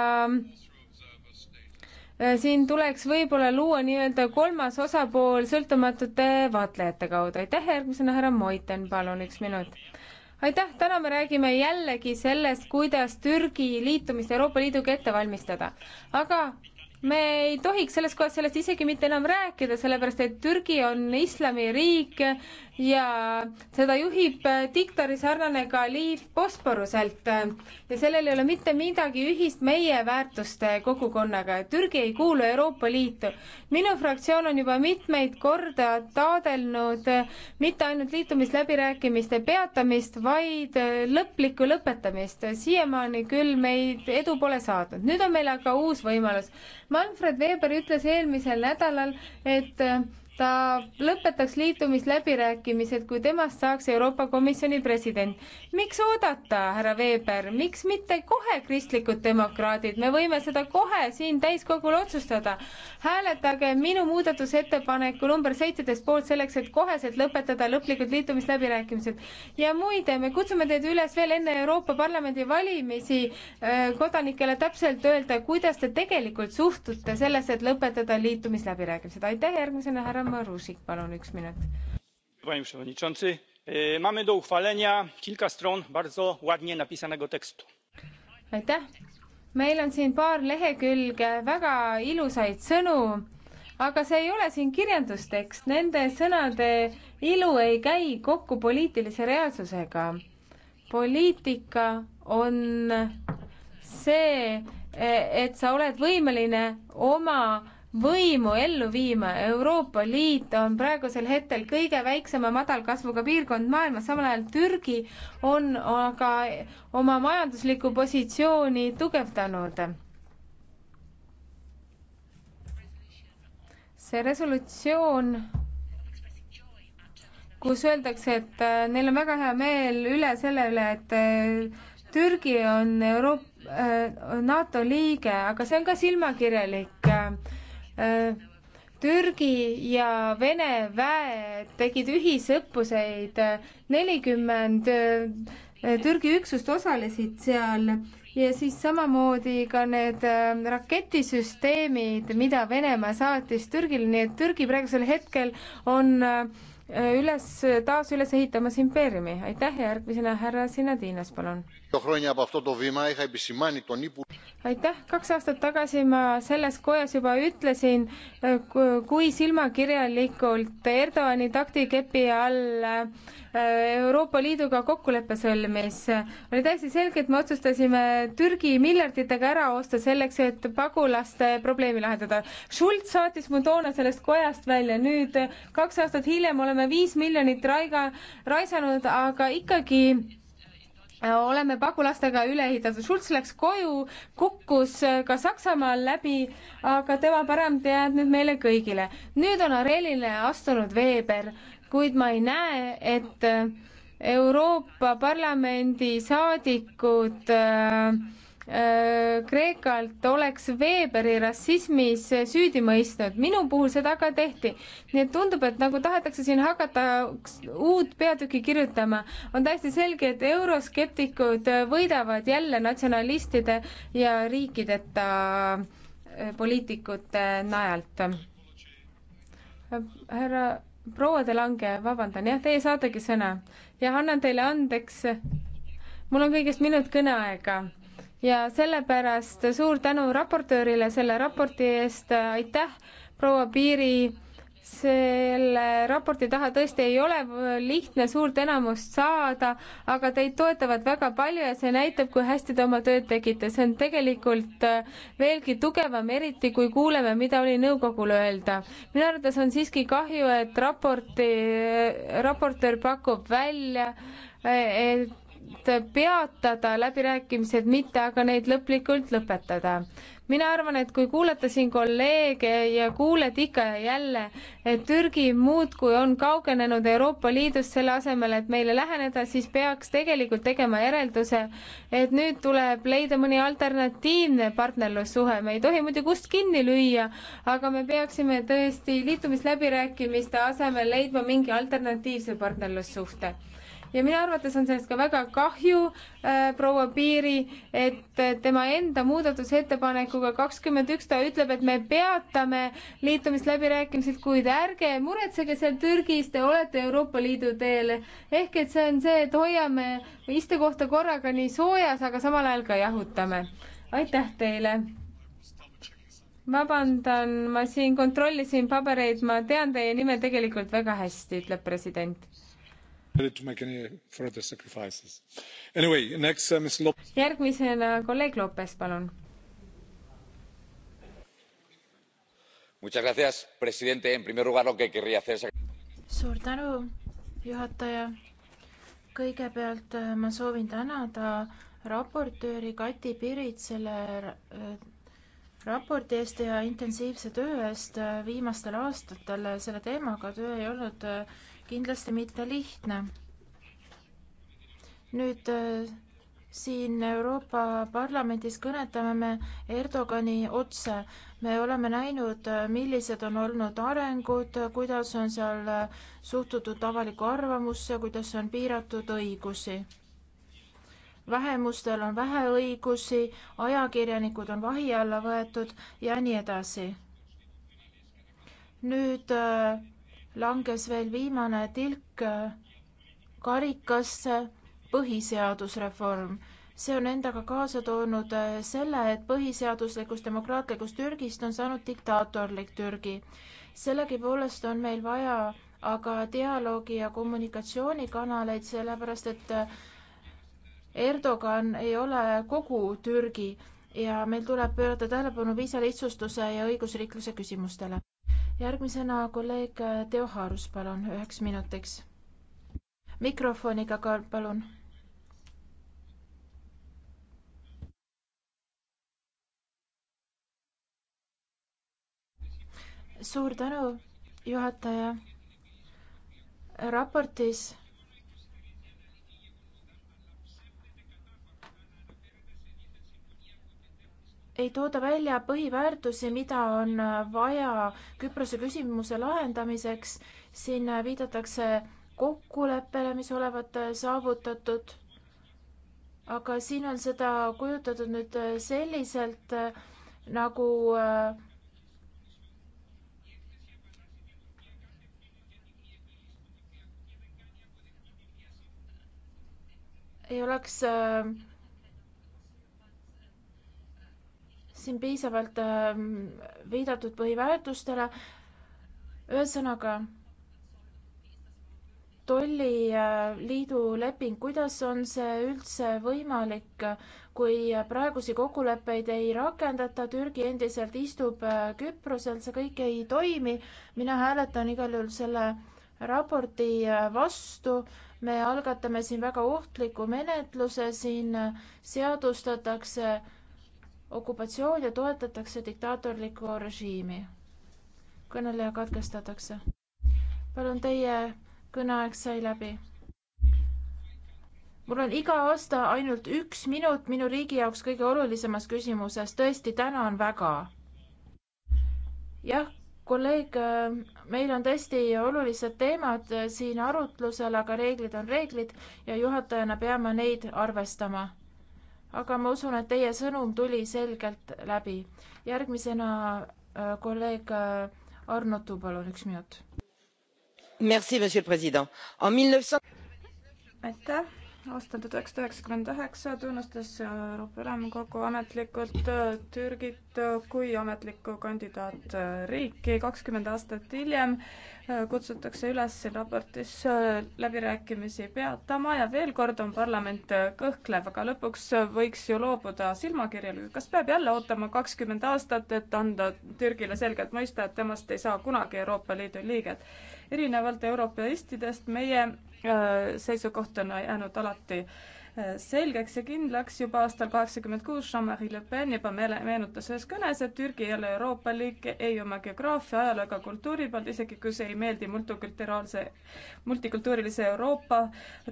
Äh, siin tuleks võib-olla luua nii-öelda kolmas osapool sõltumatute vaatlejate kaudu. aitäh, järgmisena härra Moiten, palun üks minut. aitäh, täna me räägime jällegi sellest, kuidas Türgi liitumist Euroopa Liiduga ette valmistada. aga me ei tohiks selles kohas sellest isegi mitte enam rääkida, sellepärast et Türgi on islamiriik ja seda juhib diktori sarnane kaliif Bosporuselt ja sellel ei ole mitte midagi ühist meie väärtuste kogukonnaga. Türgi ei kuulu Euroopa Liitu. minu fraktsioon on juba mitmeid korda taadelnud mitte ainult liitumisläbirääkimiste peatamist, vaid lõplikku lõpetamist. siiamaani küll meid edu pole saadud. nüüd on meil aga uus võimalus Manfred Weber ütles eelmisel nädalal, et ta lõpetaks liitumisläbirääkimised, kui temast saaks Euroopa Komisjoni president. miks oodata, härra Weber, miks mitte kohe kristlikud demokraadid, me võime seda kohe siin täiskogul otsustada. hääletage minu muudatusettepaneku number seitseteist poolt selleks, et koheselt lõpetada lõplikud liitumisläbirääkimised. ja muide, me kutsume teid üles veel enne Euroopa Parlamendi valimisi äh, kodanikele täpselt öelda, kuidas te tegelikult suhtute sellesse, et lõpetada liitumisläbirääkimised. aitäh, järgmisena härra Elmar Rusik, palun, üks minut. panie przewodniczący! E, mamy do uchwalenia kilka stron bardzo ładnie napisanego tekstu. aitäh! meil on siin paar lehekülge väga ilusaid sõnu aga see ei ole siin kirjandustekst, nende sõnade ilu ei käi kokku poliitilise reaalsusega. poliitika on see, e, et sa oled võimeline oma võimu ellu viima. Euroopa Liit on praegusel hetkel kõige väiksema madalkasvuga piirkond maailmas, samal ajal Türgi on aga oma majanduslikku positsiooni tugevdanud. see resolutsioon kus öeldakse, et äh, neil on väga hea meel üle selle üle, et äh, Türgi on Euroopa, äh, NATO liige, aga see on ka silmakirjalik Türgi ja Vene väe tegid ühisõppuseid, nelikümmend eh, Türgi üksust osalesid seal ja siis samamoodi ka need eh, raketisüsteemid, mida Venemaa saatis Türgile, nii et Türgi praegusel hetkel on äh, üles, taas üles ehitamas impeeriumi. aitäh ja järgmisena härra Sinadinas, palun. aitäh, kaks aastat tagasi ma selles kojas juba ütlesin, kui silmakirjalikult Erdoani taktikepi all Euroopa Liiduga kokkuleppe sõlmis, oli täiesti selge, et me otsustasime Türgi miljarditega ära osta selleks, et pagulaste probleemi lahendada. Schultz saatis mu toona sellest kojast välja, nüüd kaks aastat hiljem oleme viis miljonit raiga, raisanud, aga ikkagi oleme pagulastega üle ehitatud. Schulz läks koju, kukkus ka Saksamaal läbi, aga tema pärand jääb nüüd meile kõigile. nüüd on areelile astunud Weber, kuid ma ei näe, et äh, Euroopa Parlamendi saadikud äh, äh, Kreekalt oleks Weberi rassismis süüdi mõistnud. minu puhul seda ka tehti. nii et tundub, et nagu tahetakse siin hakata uut peatükki kirjutama. on täiesti selge, et euroskeptikud võidavad jälle natsionalistide ja riikideta poliitikute najalt. härra proua De Lange, vabandan, jah, teie saategi sõna. jah, annan teile andeks. mul on kõigest minut kõneaega ja sellepärast suur tänu raportöörile selle raporti eest, aitäh, proua Piiri selle raporti taha tõesti ei ole lihtne suurt enamust saada, aga teid toetavad väga palju ja see näitab, kui hästi te oma tööd tegite. see on tegelikult äh, veelgi tugevam, eriti kui kuuleme, mida oli nõukogul öelda. minu arvates on siiski kahju, et raporti, äh, raportöör pakub välja, äh, et peatada läbirääkimised, mitte aga neid lõplikult lõpetada mina arvan, et kui kuulata siin kolleege ja kuuled ikka ja jälle, et Türgi muudkui on kaugenenud Euroopa Liidust selle asemel, et meile läheneda, siis peaks tegelikult tegema järelduse, et nüüd tuleb leida mõni alternatiivne partnerlussuhe, me ei tohi muidugi ust kinni lüüa, aga me peaksime tõesti liitumisläbirääkimiste asemel leidma mingi alternatiivse partnerlussuhte ja minu arvates on sellest ka väga kahju äh, proua Piiri, et tema enda muudatusettepanekuga kakskümmend üks ta ütleb, et me peatame liitumisläbirääkimised, kuid ärge muretsege seal Türgis, te olete Euroopa Liidu teel. ehk et see on see, et hoiame istekohta korraga nii soojas, aga samal ajal ka jahutame. aitäh teile! vabandan, ma siin kontrollisin pabereid, ma tean teie nime tegelikult väga hästi, ütleb president Anyway, next, uh, järgmisena kolleeg Lopes, palun. suur tänu, juhataja. kõigepealt äh, ma soovin tänada raportööri Kati Pirit selle äh, raporti eest ja intensiivse töö eest äh, viimastel aastatel selle teemaga. töö ei olnud äh, kindlasti mitte lihtne. nüüd äh, siin Euroopa Parlamendis kõnetame me Erdogani otse. me oleme näinud, äh, millised on olnud arengud, kuidas on seal äh, suhtutud avalikku arvamusse, kuidas on piiratud õigusi. vähemustel on vähe õigusi, ajakirjanikud on vahi alla võetud ja nii edasi. nüüd äh, langes veel viimane tilk äh, karikasse, äh, põhiseadusreform. see on endaga kaasa toonud äh, selle, et põhiseaduslikust demokraatlikust Türgist on saanud diktaatorlik Türgi. sellegipoolest on meil vaja aga dialoogi ja kommunikatsioonikanaleid, sellepärast et Erdogan ei ole kogu Türgi ja meil tuleb pöörata tähelepanu viisalihtsustuse ja õigusriikluse küsimustele järgmisena kolleeg Teo Harus, palun, üheks minutiks. mikrofoniga ka, palun. suur tänu, juhataja. raportis ei tooda välja põhiväärtusi, mida on vaja Küprose küsimuse lahendamiseks. siin viidatakse kokkuleppele, mis olevat saavutatud. aga siin on seda kujutatud nüüd selliselt nagu äh, ei oleks äh, siin piisavalt ähm, viidatud põhiväärtustele. ühesõnaga, tolliliidu äh, leping, kuidas on see üldse võimalik, kui praegusi kokkuleppeid ei rakendata, Türgi endiselt istub äh, Küprosel, see kõik ei toimi. mina hääletan igal juhul selle raporti äh, vastu. me algatame siin väga ohtliku menetluse, siin seadustatakse okupatsioon ja toetatakse diktaatorlikku režiimi. kõneleja katkestatakse. palun teie kõneaeg sai läbi. mul on iga aasta ainult üks minut minu riigi jaoks kõige olulisemas küsimuses, tõesti, tänan väga. jah, kolleeg, meil on tõesti olulised teemad siin arutlusel, aga reeglid on reeglid ja juhatajana peame neid arvestama aga ma usun, et teie sõnum tuli selgelt läbi. järgmisena äh, kolleeg äh, Arnotu, palun, üks minut. aitäh aastal tuhat üheksasada üheksakümmend üheksa tunnustas Euroopa Ülemkogu ametlikult äh, Türgit kui ametlikku kandidaatriiki. kakskümmend aastat hiljem äh, kutsutakse üles siin raportis äh, läbirääkimisi peatama ja veel kord on parlament kõhklev, aga lõpuks võiks ju loobuda silmakirjalikkusest. kas peab jälle ootama kakskümmend aastat, et anda Türgile selgelt mõista, et temast ei saa kunagi Euroopa Liidu liiget? erinevalt europeistidest meie äh, seisukoht on jäänud alati selgeks ja kindlaks juba aastal kaheksakümmend kuus Jean-Marie Le Pen juba meele, meenutas ühes kõnes, et Türgi ei ole Euroopa liik ei oma geograafia, ajaloo ega kultuuri pealt, isegi kui see ei meeldi multikulturaalse, multikultuurilise Euroopa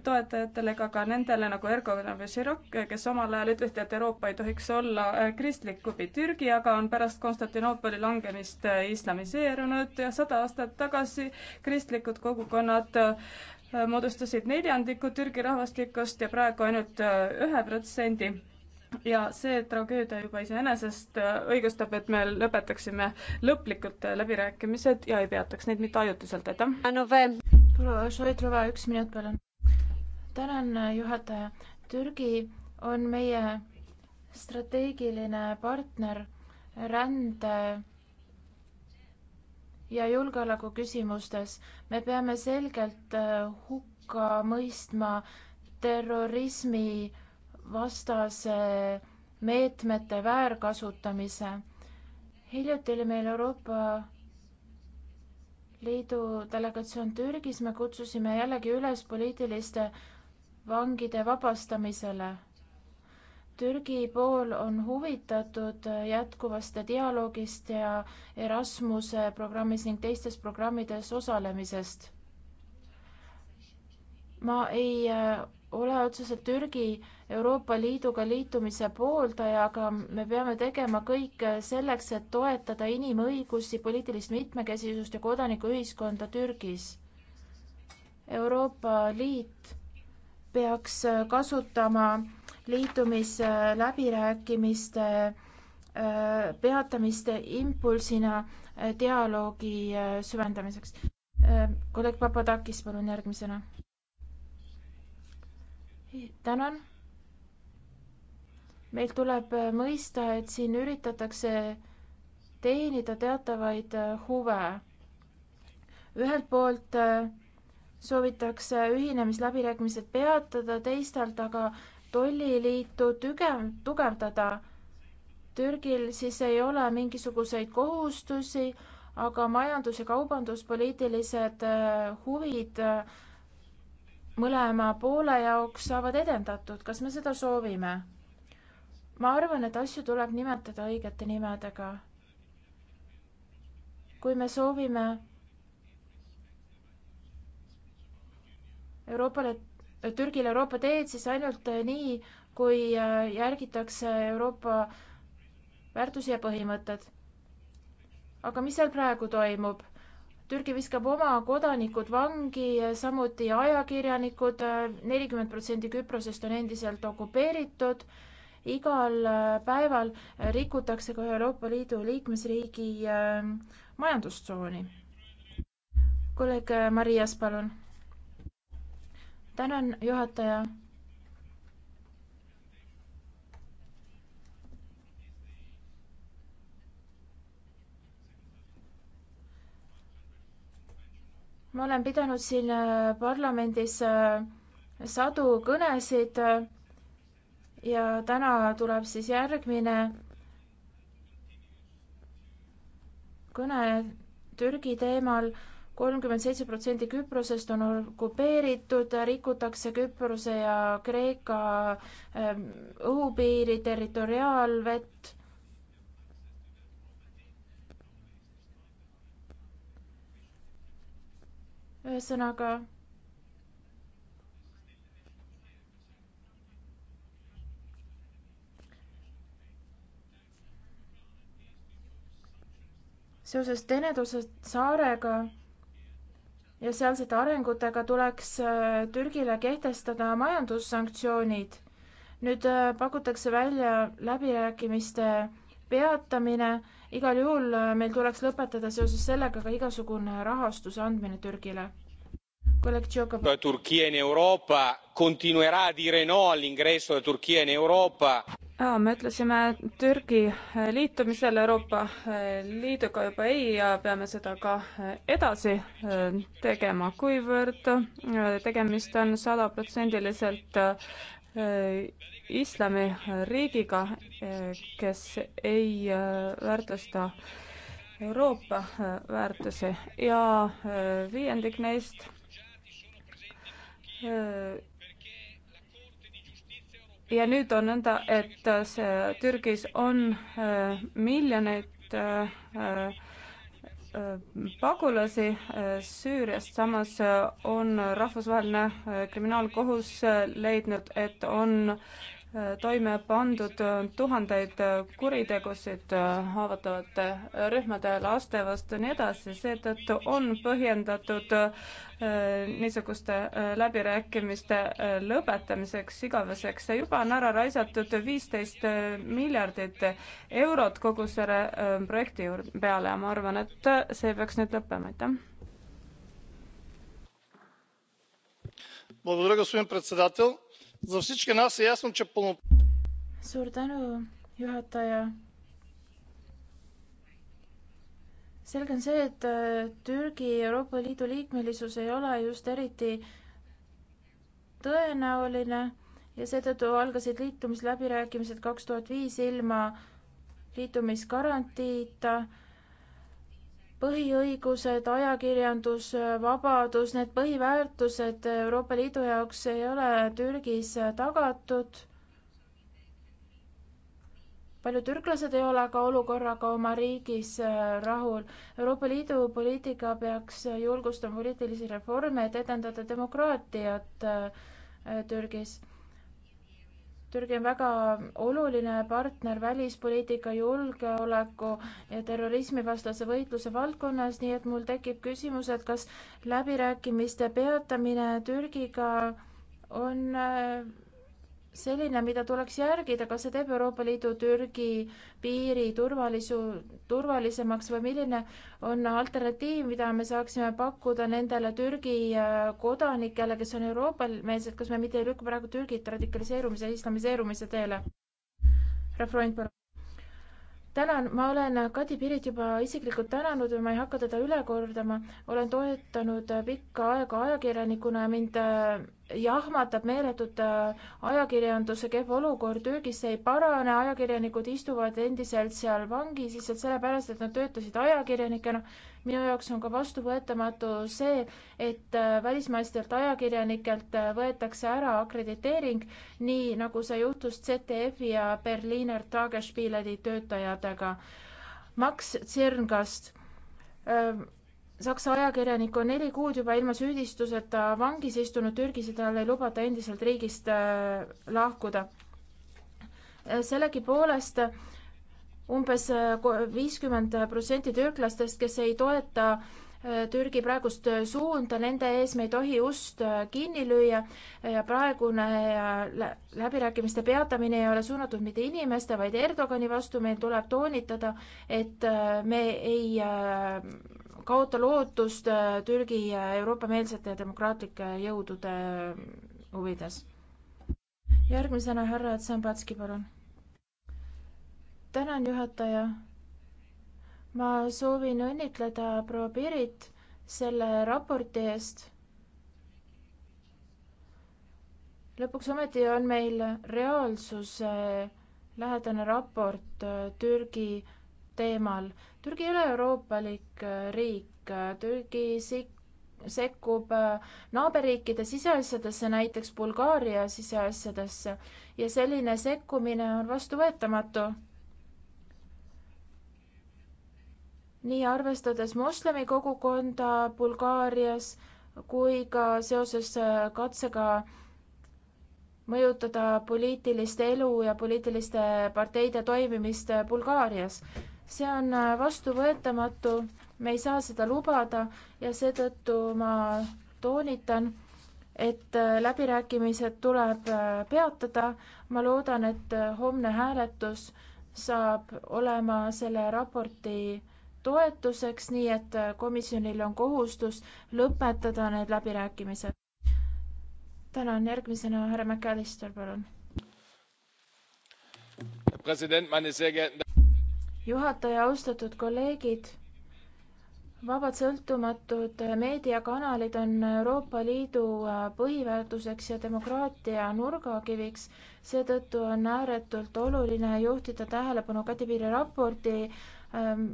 toetajatele ega ka nendele nagu Ergo Širok, kes omal ajal ütlesid, et Euroopa ei tohiks olla äh, kristlik klubi. Türgi aga on pärast Konstantinoopoli langemist äh, islamiseerunud ja sada aastat tagasi kristlikud kogukonnad moodustasid neljandiku Türgi rahvastikust ja praegu ainult äh, ühe protsendi. ja see tragöödia juba iseenesest äh, õigustab, et me lõpetaksime lõplikult äh, läbirääkimised ja ei peataks neid mitte ajutiselt, aitäh. proua Šoidrova, üks minut, palun. tänan, juhataja. Türgi on meie strateegiline partner rände ja julgeoleku küsimustes. me peame selgelt äh, hukka mõistma terrorismi vastase meetmete väärkasutamise. hiljuti oli meil Euroopa Liidu delegatsioon Türgis, me kutsusime jällegi üles poliitiliste vangide vabastamisele Türgi pool on huvitatud jätkuvast dialoogist ja Erasmuse programmis ning teistes programmides osalemisest. ma ei äh, ole otseselt Türgi Euroopa Liiduga liitumise pooldaja, aga me peame tegema kõik selleks, et toetada inimõigusi, poliitilist mitmekesisust ja kodanikuühiskonda Türgis. Euroopa Liit peaks kasutama liitumisläbirääkimiste äh, peatamist impulsina äh, dialoogi äh, süvendamiseks. kolleeg Papadakis, palun järgmisena. tänan. meil tuleb mõista, et siin üritatakse teenida teatavaid huve. ühelt poolt soovitakse ühinemisläbirääkimised peatada, teistalt aga tolliliitu tügev, tugevdada. Türgil siis ei ole mingisuguseid kohustusi, aga majandus- ja kaubanduspoliitilised äh, huvid äh, mõlema poole jaoks saavad edendatud, kas me seda soovime? ma arvan, et asju tuleb nimetada õigete nimedega. kui me soovime Euroopale Türgil Euroopa teed, siis ainult äh, nii, kui äh, järgitakse Euroopa väärtusi ja põhimõtted. aga mis seal praegu toimub? Türgi viskab oma kodanikud vangi, samuti ajakirjanikud, äh, nelikümmend protsenti Küprosest on endiselt okupeeritud, igal päeval rikutakse ka Euroopa Liidu liikmesriigi majandustsooni. kolleeg Marias, palun tänan, juhataja. ma olen pidanud siin äh, parlamendis äh, sadu kõnesid äh, ja täna tuleb siis järgmine kõne Türgi teemal kolmkümmend seitse protsenti Küprosest on okupeeritud, rikutakse Küprose ja Kreeka ähm, õhupiiri territoriaalvett. ühesõnaga seoses Tenedose saarega ja sealsete arengutega tuleks äh, Türgile kehtestada majandussanktsioonid. nüüd äh, pakutakse välja läbirääkimiste peatamine, igal juhul äh, meil tuleks lõpetada seoses sellega ka igasugune rahastuse andmine Türgile. la Turchia in Euroopa continuerà a dire no all'ingresso della Turchia in Euroopa jaa, me ütlesime Türgi eh, liitumisel Euroopa eh, Liiduga juba ei ja peame seda ka eh, edasi tegema, kuivõrd tegemist on sadaprotsendiliselt islamiriigiga, kes ei väärtusta Euroopa väärtusi ja viiendik neist ja nüüd on nõnda, et äh, see Türgis on äh, miljoneid äh, äh, pagulasi äh, Süüriast, samas äh, on rahvusvaheline kriminaalkohus leidnud, et on toime pandud tuhandeid kuritegusid haavatavate rühmade laste vastu ja nii edasi, seetõttu on põhjendatud äh, niisuguste äh, läbirääkimiste äh, lõpetamiseks igaveseks. juba on ära raisatud viisteist miljardit eurot kogu selle projekti juurde peale ja ma arvan, et see peaks nüüd lõppema, aitäh. Благодаря, господин председател За всички нас е ясно, че пълно... Suur tänu, juhataja. selge on see, et äh, Türgi Euroopa Liidu liikmelisus ei ole just eriti tõenäoline ja seetõttu algasid liitumisläbirääkimised kaks tuhat viis ilma liitumisgarantiita põhiõigused, ajakirjandus, vabadus, need põhiväärtused Euroopa Liidu jaoks ei ole Türgis tagatud. paljud türklased ei ole ka olukorraga oma riigis äh, rahul. Euroopa Liidu poliitika peaks julgustama poliitilisi reforme, et edendada demokraatiat äh, Türgis Türgi on väga oluline partner välispoliitika, julgeoleku ja terrorismivastase võitluse valdkonnas, nii et mul tekib küsimus, et kas läbirääkimiste peatamine Türgiga on äh, selline, mida tuleks järgida, kas see teeb Euroopa Liidu Türgi piiri turvalisu-, turvalisemaks või milline on alternatiiv, mida me saaksime pakkuda nendele Türgi äh, kodanikele, kes on Euroopa-meelsed, kas me mitte ei lükka praegu Türgit radikaliseerumise ja islamiseerumise teele? refrain palun tänan, ma olen Kadi Pirit juba isiklikult tänanud ja ma ei hakka teda üle kordama. olen toetanud pikka aega ajakirjanikuna ja mind äh, jahmatab meeletult äh, ajakirjanduse kehv olukord. Türgis ei parane, ajakirjanikud istuvad endiselt seal vangis lihtsalt sellepärast, et nad töötasid ajakirjanikena minu jaoks on ka vastuvõetamatu see, et äh, välismaistelt ajakirjanikelt äh, võetakse ära akrediteering, nii nagu see juhtus ZDF-i ja Berliner Tagesspiegeli töötajatega. Max Zirngast ähm, Saksa ajakirjanik on neli kuud juba ilma süüdistuseta vangis istunud Türgis ja tal ei lubata endiselt riigist äh, lahkuda. sellegipoolest umbes äh, viiskümmend protsenti türklastest, kes ei toeta äh, Türgi praegust äh, suunda, nende ees me ei tohi ust kinni lüüa ja praegune läbirääkimiste peatamine ei ole suunatud mitte inimeste, vaid Erdogani vastu, meil tuleb toonitada, et me ei kaota lootust Türgi Euroopa-meelsete demokraatlike jõudude huvides. järgmisena härra Tsambatski, palun tänan, juhataja. ma soovin õnnitleda proua Pirit selle raporti eest lõpuks ometi on meil reaalsuse lähedane raport äh, Türgi teemal. Türgi ei ole euroopalik äh, riik, Türgi sekkub äh, naaberriikide siseasjadesse, näiteks Bulgaaria siseasjadesse ja selline sekkumine on vastuvõetamatu nii arvestades moslemi kogukonda Bulgaarias kui ka seoses äh, katsega mõjutada poliitilist elu ja poliitiliste parteide toimimist äh, Bulgaarias. see on äh, vastuvõetamatu, me ei saa seda lubada ja seetõttu ma toonitan, et läbirääkimised tuleb peatada. ma loodan, et homne hääletus saab olema selle raporti toetuseks, nii et äh, komisjonil on kohustus lõpetada need läbirääkimised. tänan, järgmisena härra McAllister, palun. juhataja, austatud kolleegid vabad sõltumatud meediakanalid on Euroopa Liidu äh, põhiväärtuseks ja demokraatia nurgakiviks. seetõttu on ääretult oluline juhtida tähelepanu Kati Piiri raporti ähm,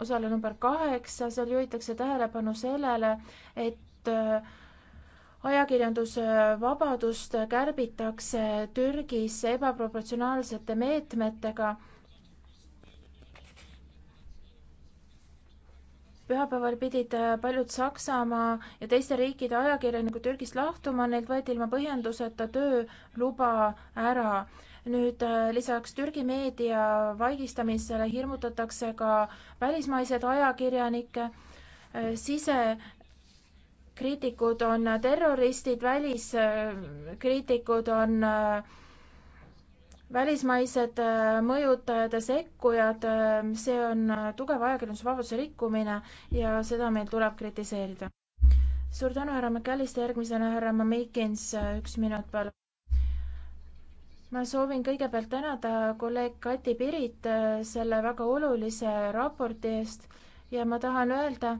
osale number kaheksa, seal juhitakse tähelepanu sellele, et äh, ajakirjanduse vabadust kärbitakse Türgis ebaproportsionaalsete meetmetega. pühapäeval pidid äh, paljud Saksamaa ja teiste riikide ajakirjanikud Türgist lahtuma, neilt võeti ilma põhjenduseta tööluba ära nüüd äh, lisaks Türgi meedia vaigistamisele hirmutatakse ka välismaised ajakirjanikke, äh, sisekriitikud on terroristid, väliskriitikud on äh, välismaised mõjutajad ja sekkujad, see on tugev ajakirjandusvabaduse rikkumine ja seda meil tuleb kritiseerida. suur tänu, härra McAllister, järgmisena härra Mamikins, üks minut palun ma soovin kõigepealt tänada kolleeg Kati Pirit äh, selle väga olulise raporti eest ja ma tahan öelda,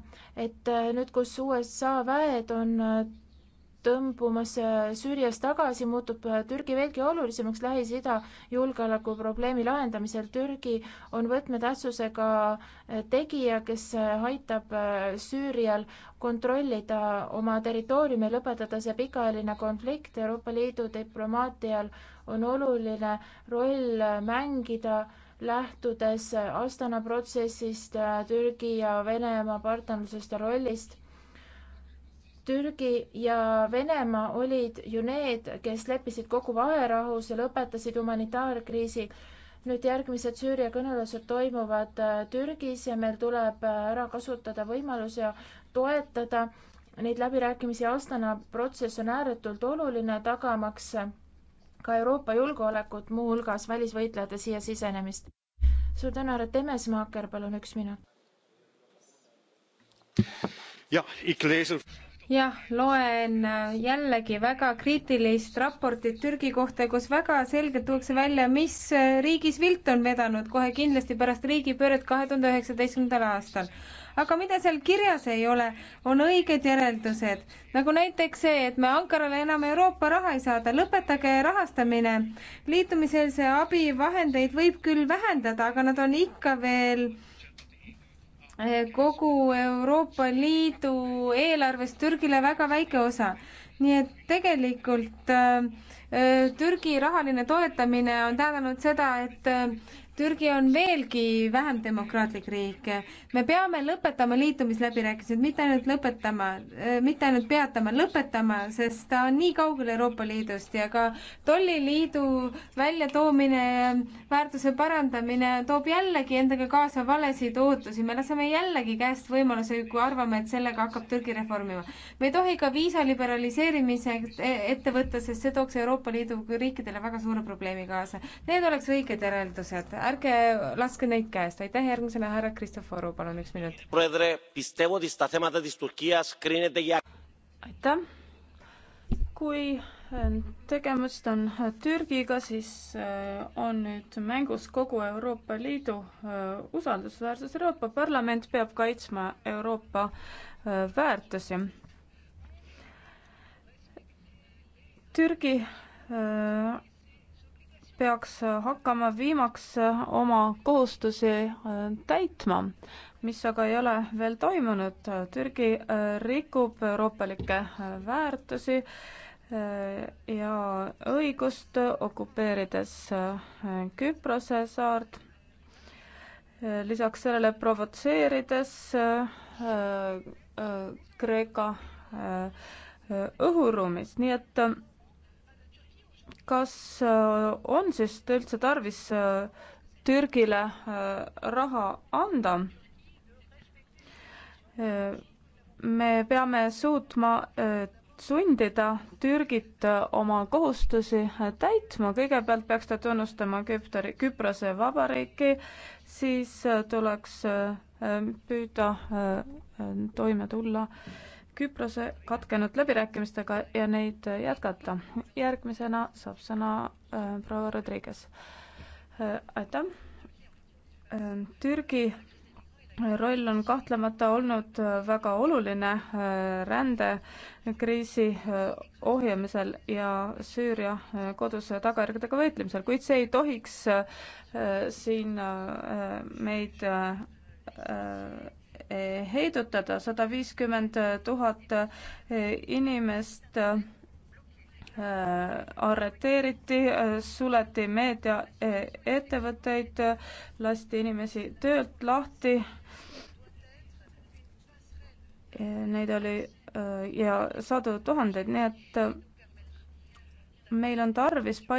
et äh, nüüd, kus USA väed on äh, tõmbumas äh, Süürias tagasi, muutub äh, Türgi veelgi olulisemaks Lähis-Ida julgeolekuprobleemi lahendamisel. Türgi on võtmetähtsusega äh, tegija, kes aitab Süürial kontrollida oma territooriumi, lõpetada see pikaajaline konflikt. Euroopa Liidu diplomaatial on oluline roll mängida lähtudes Astana protsessist, Türgi ja Venemaa partnerlusest ja rollist Türgi ja Venemaa olid ju need, kes leppisid kokku vaherahus ja lõpetasid humanitaarkriisi. nüüd järgmised Süüria kõnelused toimuvad äh, Türgis ja meil tuleb äh, ära kasutada võimalus ja toetada neid läbirääkimisi. Astana protsess on ääretult oluline, tagamaks äh, ka Euroopa julgeolekut, muuhulgas välisvõitlejate siia sisenemist. suur tänu, härra Temesmaaker, palun üks minut. jah, ikka leesel jah, loen äh, jällegi väga kriitilist raportit Türgi kohta, kus väga selgelt tuuakse välja, mis äh, riigis vilt on vedanud kohe kindlasti pärast riigipööret kahe tuhande üheksateistkümnendal aastal. aga mida seal kirjas ei ole, on õiged järeldused, nagu näiteks see, et me Ankarale enam Euroopa raha ei saada, lõpetage rahastamine. liitumiseelse abi vahendeid võib küll vähendada, aga nad on ikka veel äh, kogu Euroopa Liidu eelarvest Türgile väga väike osa. nii et tegelikult äh, äh, Türgi rahaline toetamine on tähendanud seda, et äh, Türgi on veelgi vähem demokraatlik riik. me peame lõpetama liitumisläbirääkimised, mitte ainult lõpetama, eh, mitte ainult peatama, lõpetama, sest ta on nii kaugel Euroopa Liidust ja ka tolliliidu väljatoomine, väärtuse parandamine toob jällegi endaga kaasa valesid ootusi, me laseme jällegi käest võimaluse, kui arvame, et sellega hakkab Türgi reformima. me ei tohi ka viisa liberaliseerimise e-, ette võtta, sest see tooks Euroopa Liidu riikidele väga suure probleemi kaasa. Need oleks õiged järeldused ärge laske neid käest, aitäh, järgmisena härra Kristoforu, palun üks minut. aitäh, kui äh, tegemist on äh, Türgiga, siis äh, on nüüd mängus kogu Euroopa Liidu usaldusväärsus, Euroopa Parlament peab kaitsma Euroopa väärtusi. Türgi peaks äh, hakkama viimaks äh, oma kohustusi äh, täitma, mis aga ei ole veel toimunud. Türgi rikub euroopalikke väärtusi ja õigust, okupeerides Küprose saart. lisaks sellele provotseerides Kreeka õhuruumis, nii et kas äh, on sest üldse tarvis äh, Türgile äh, raha anda? me peame suutma sundida Türgit oma kohustusi täitma, kõigepealt peaks ta tunnustama Küptari, Küprose Vabariiki, siis tuleks püüda toime tulla äh, Küprose katkenud läbirääkimistega ja neid jätkata. järgmisena saab sõna äh, proua Rodriguez äh,. aitäh äh,. Türgi roll on kahtlemata olnud äh, väga oluline äh, rändekriisi äh, ohjamisel ja Süüria koduse tagajärgedega võitlemisel, kuid see ei tohiks siin meid heidutada, sada viiskümmend tuhat eh, inimest eh, arreteeriti, eh, suleti meediaettevõtteid, lasti inimesi töölt lahti. Neid oli ja sadu tuhandeid, nii et meil on tarvis paika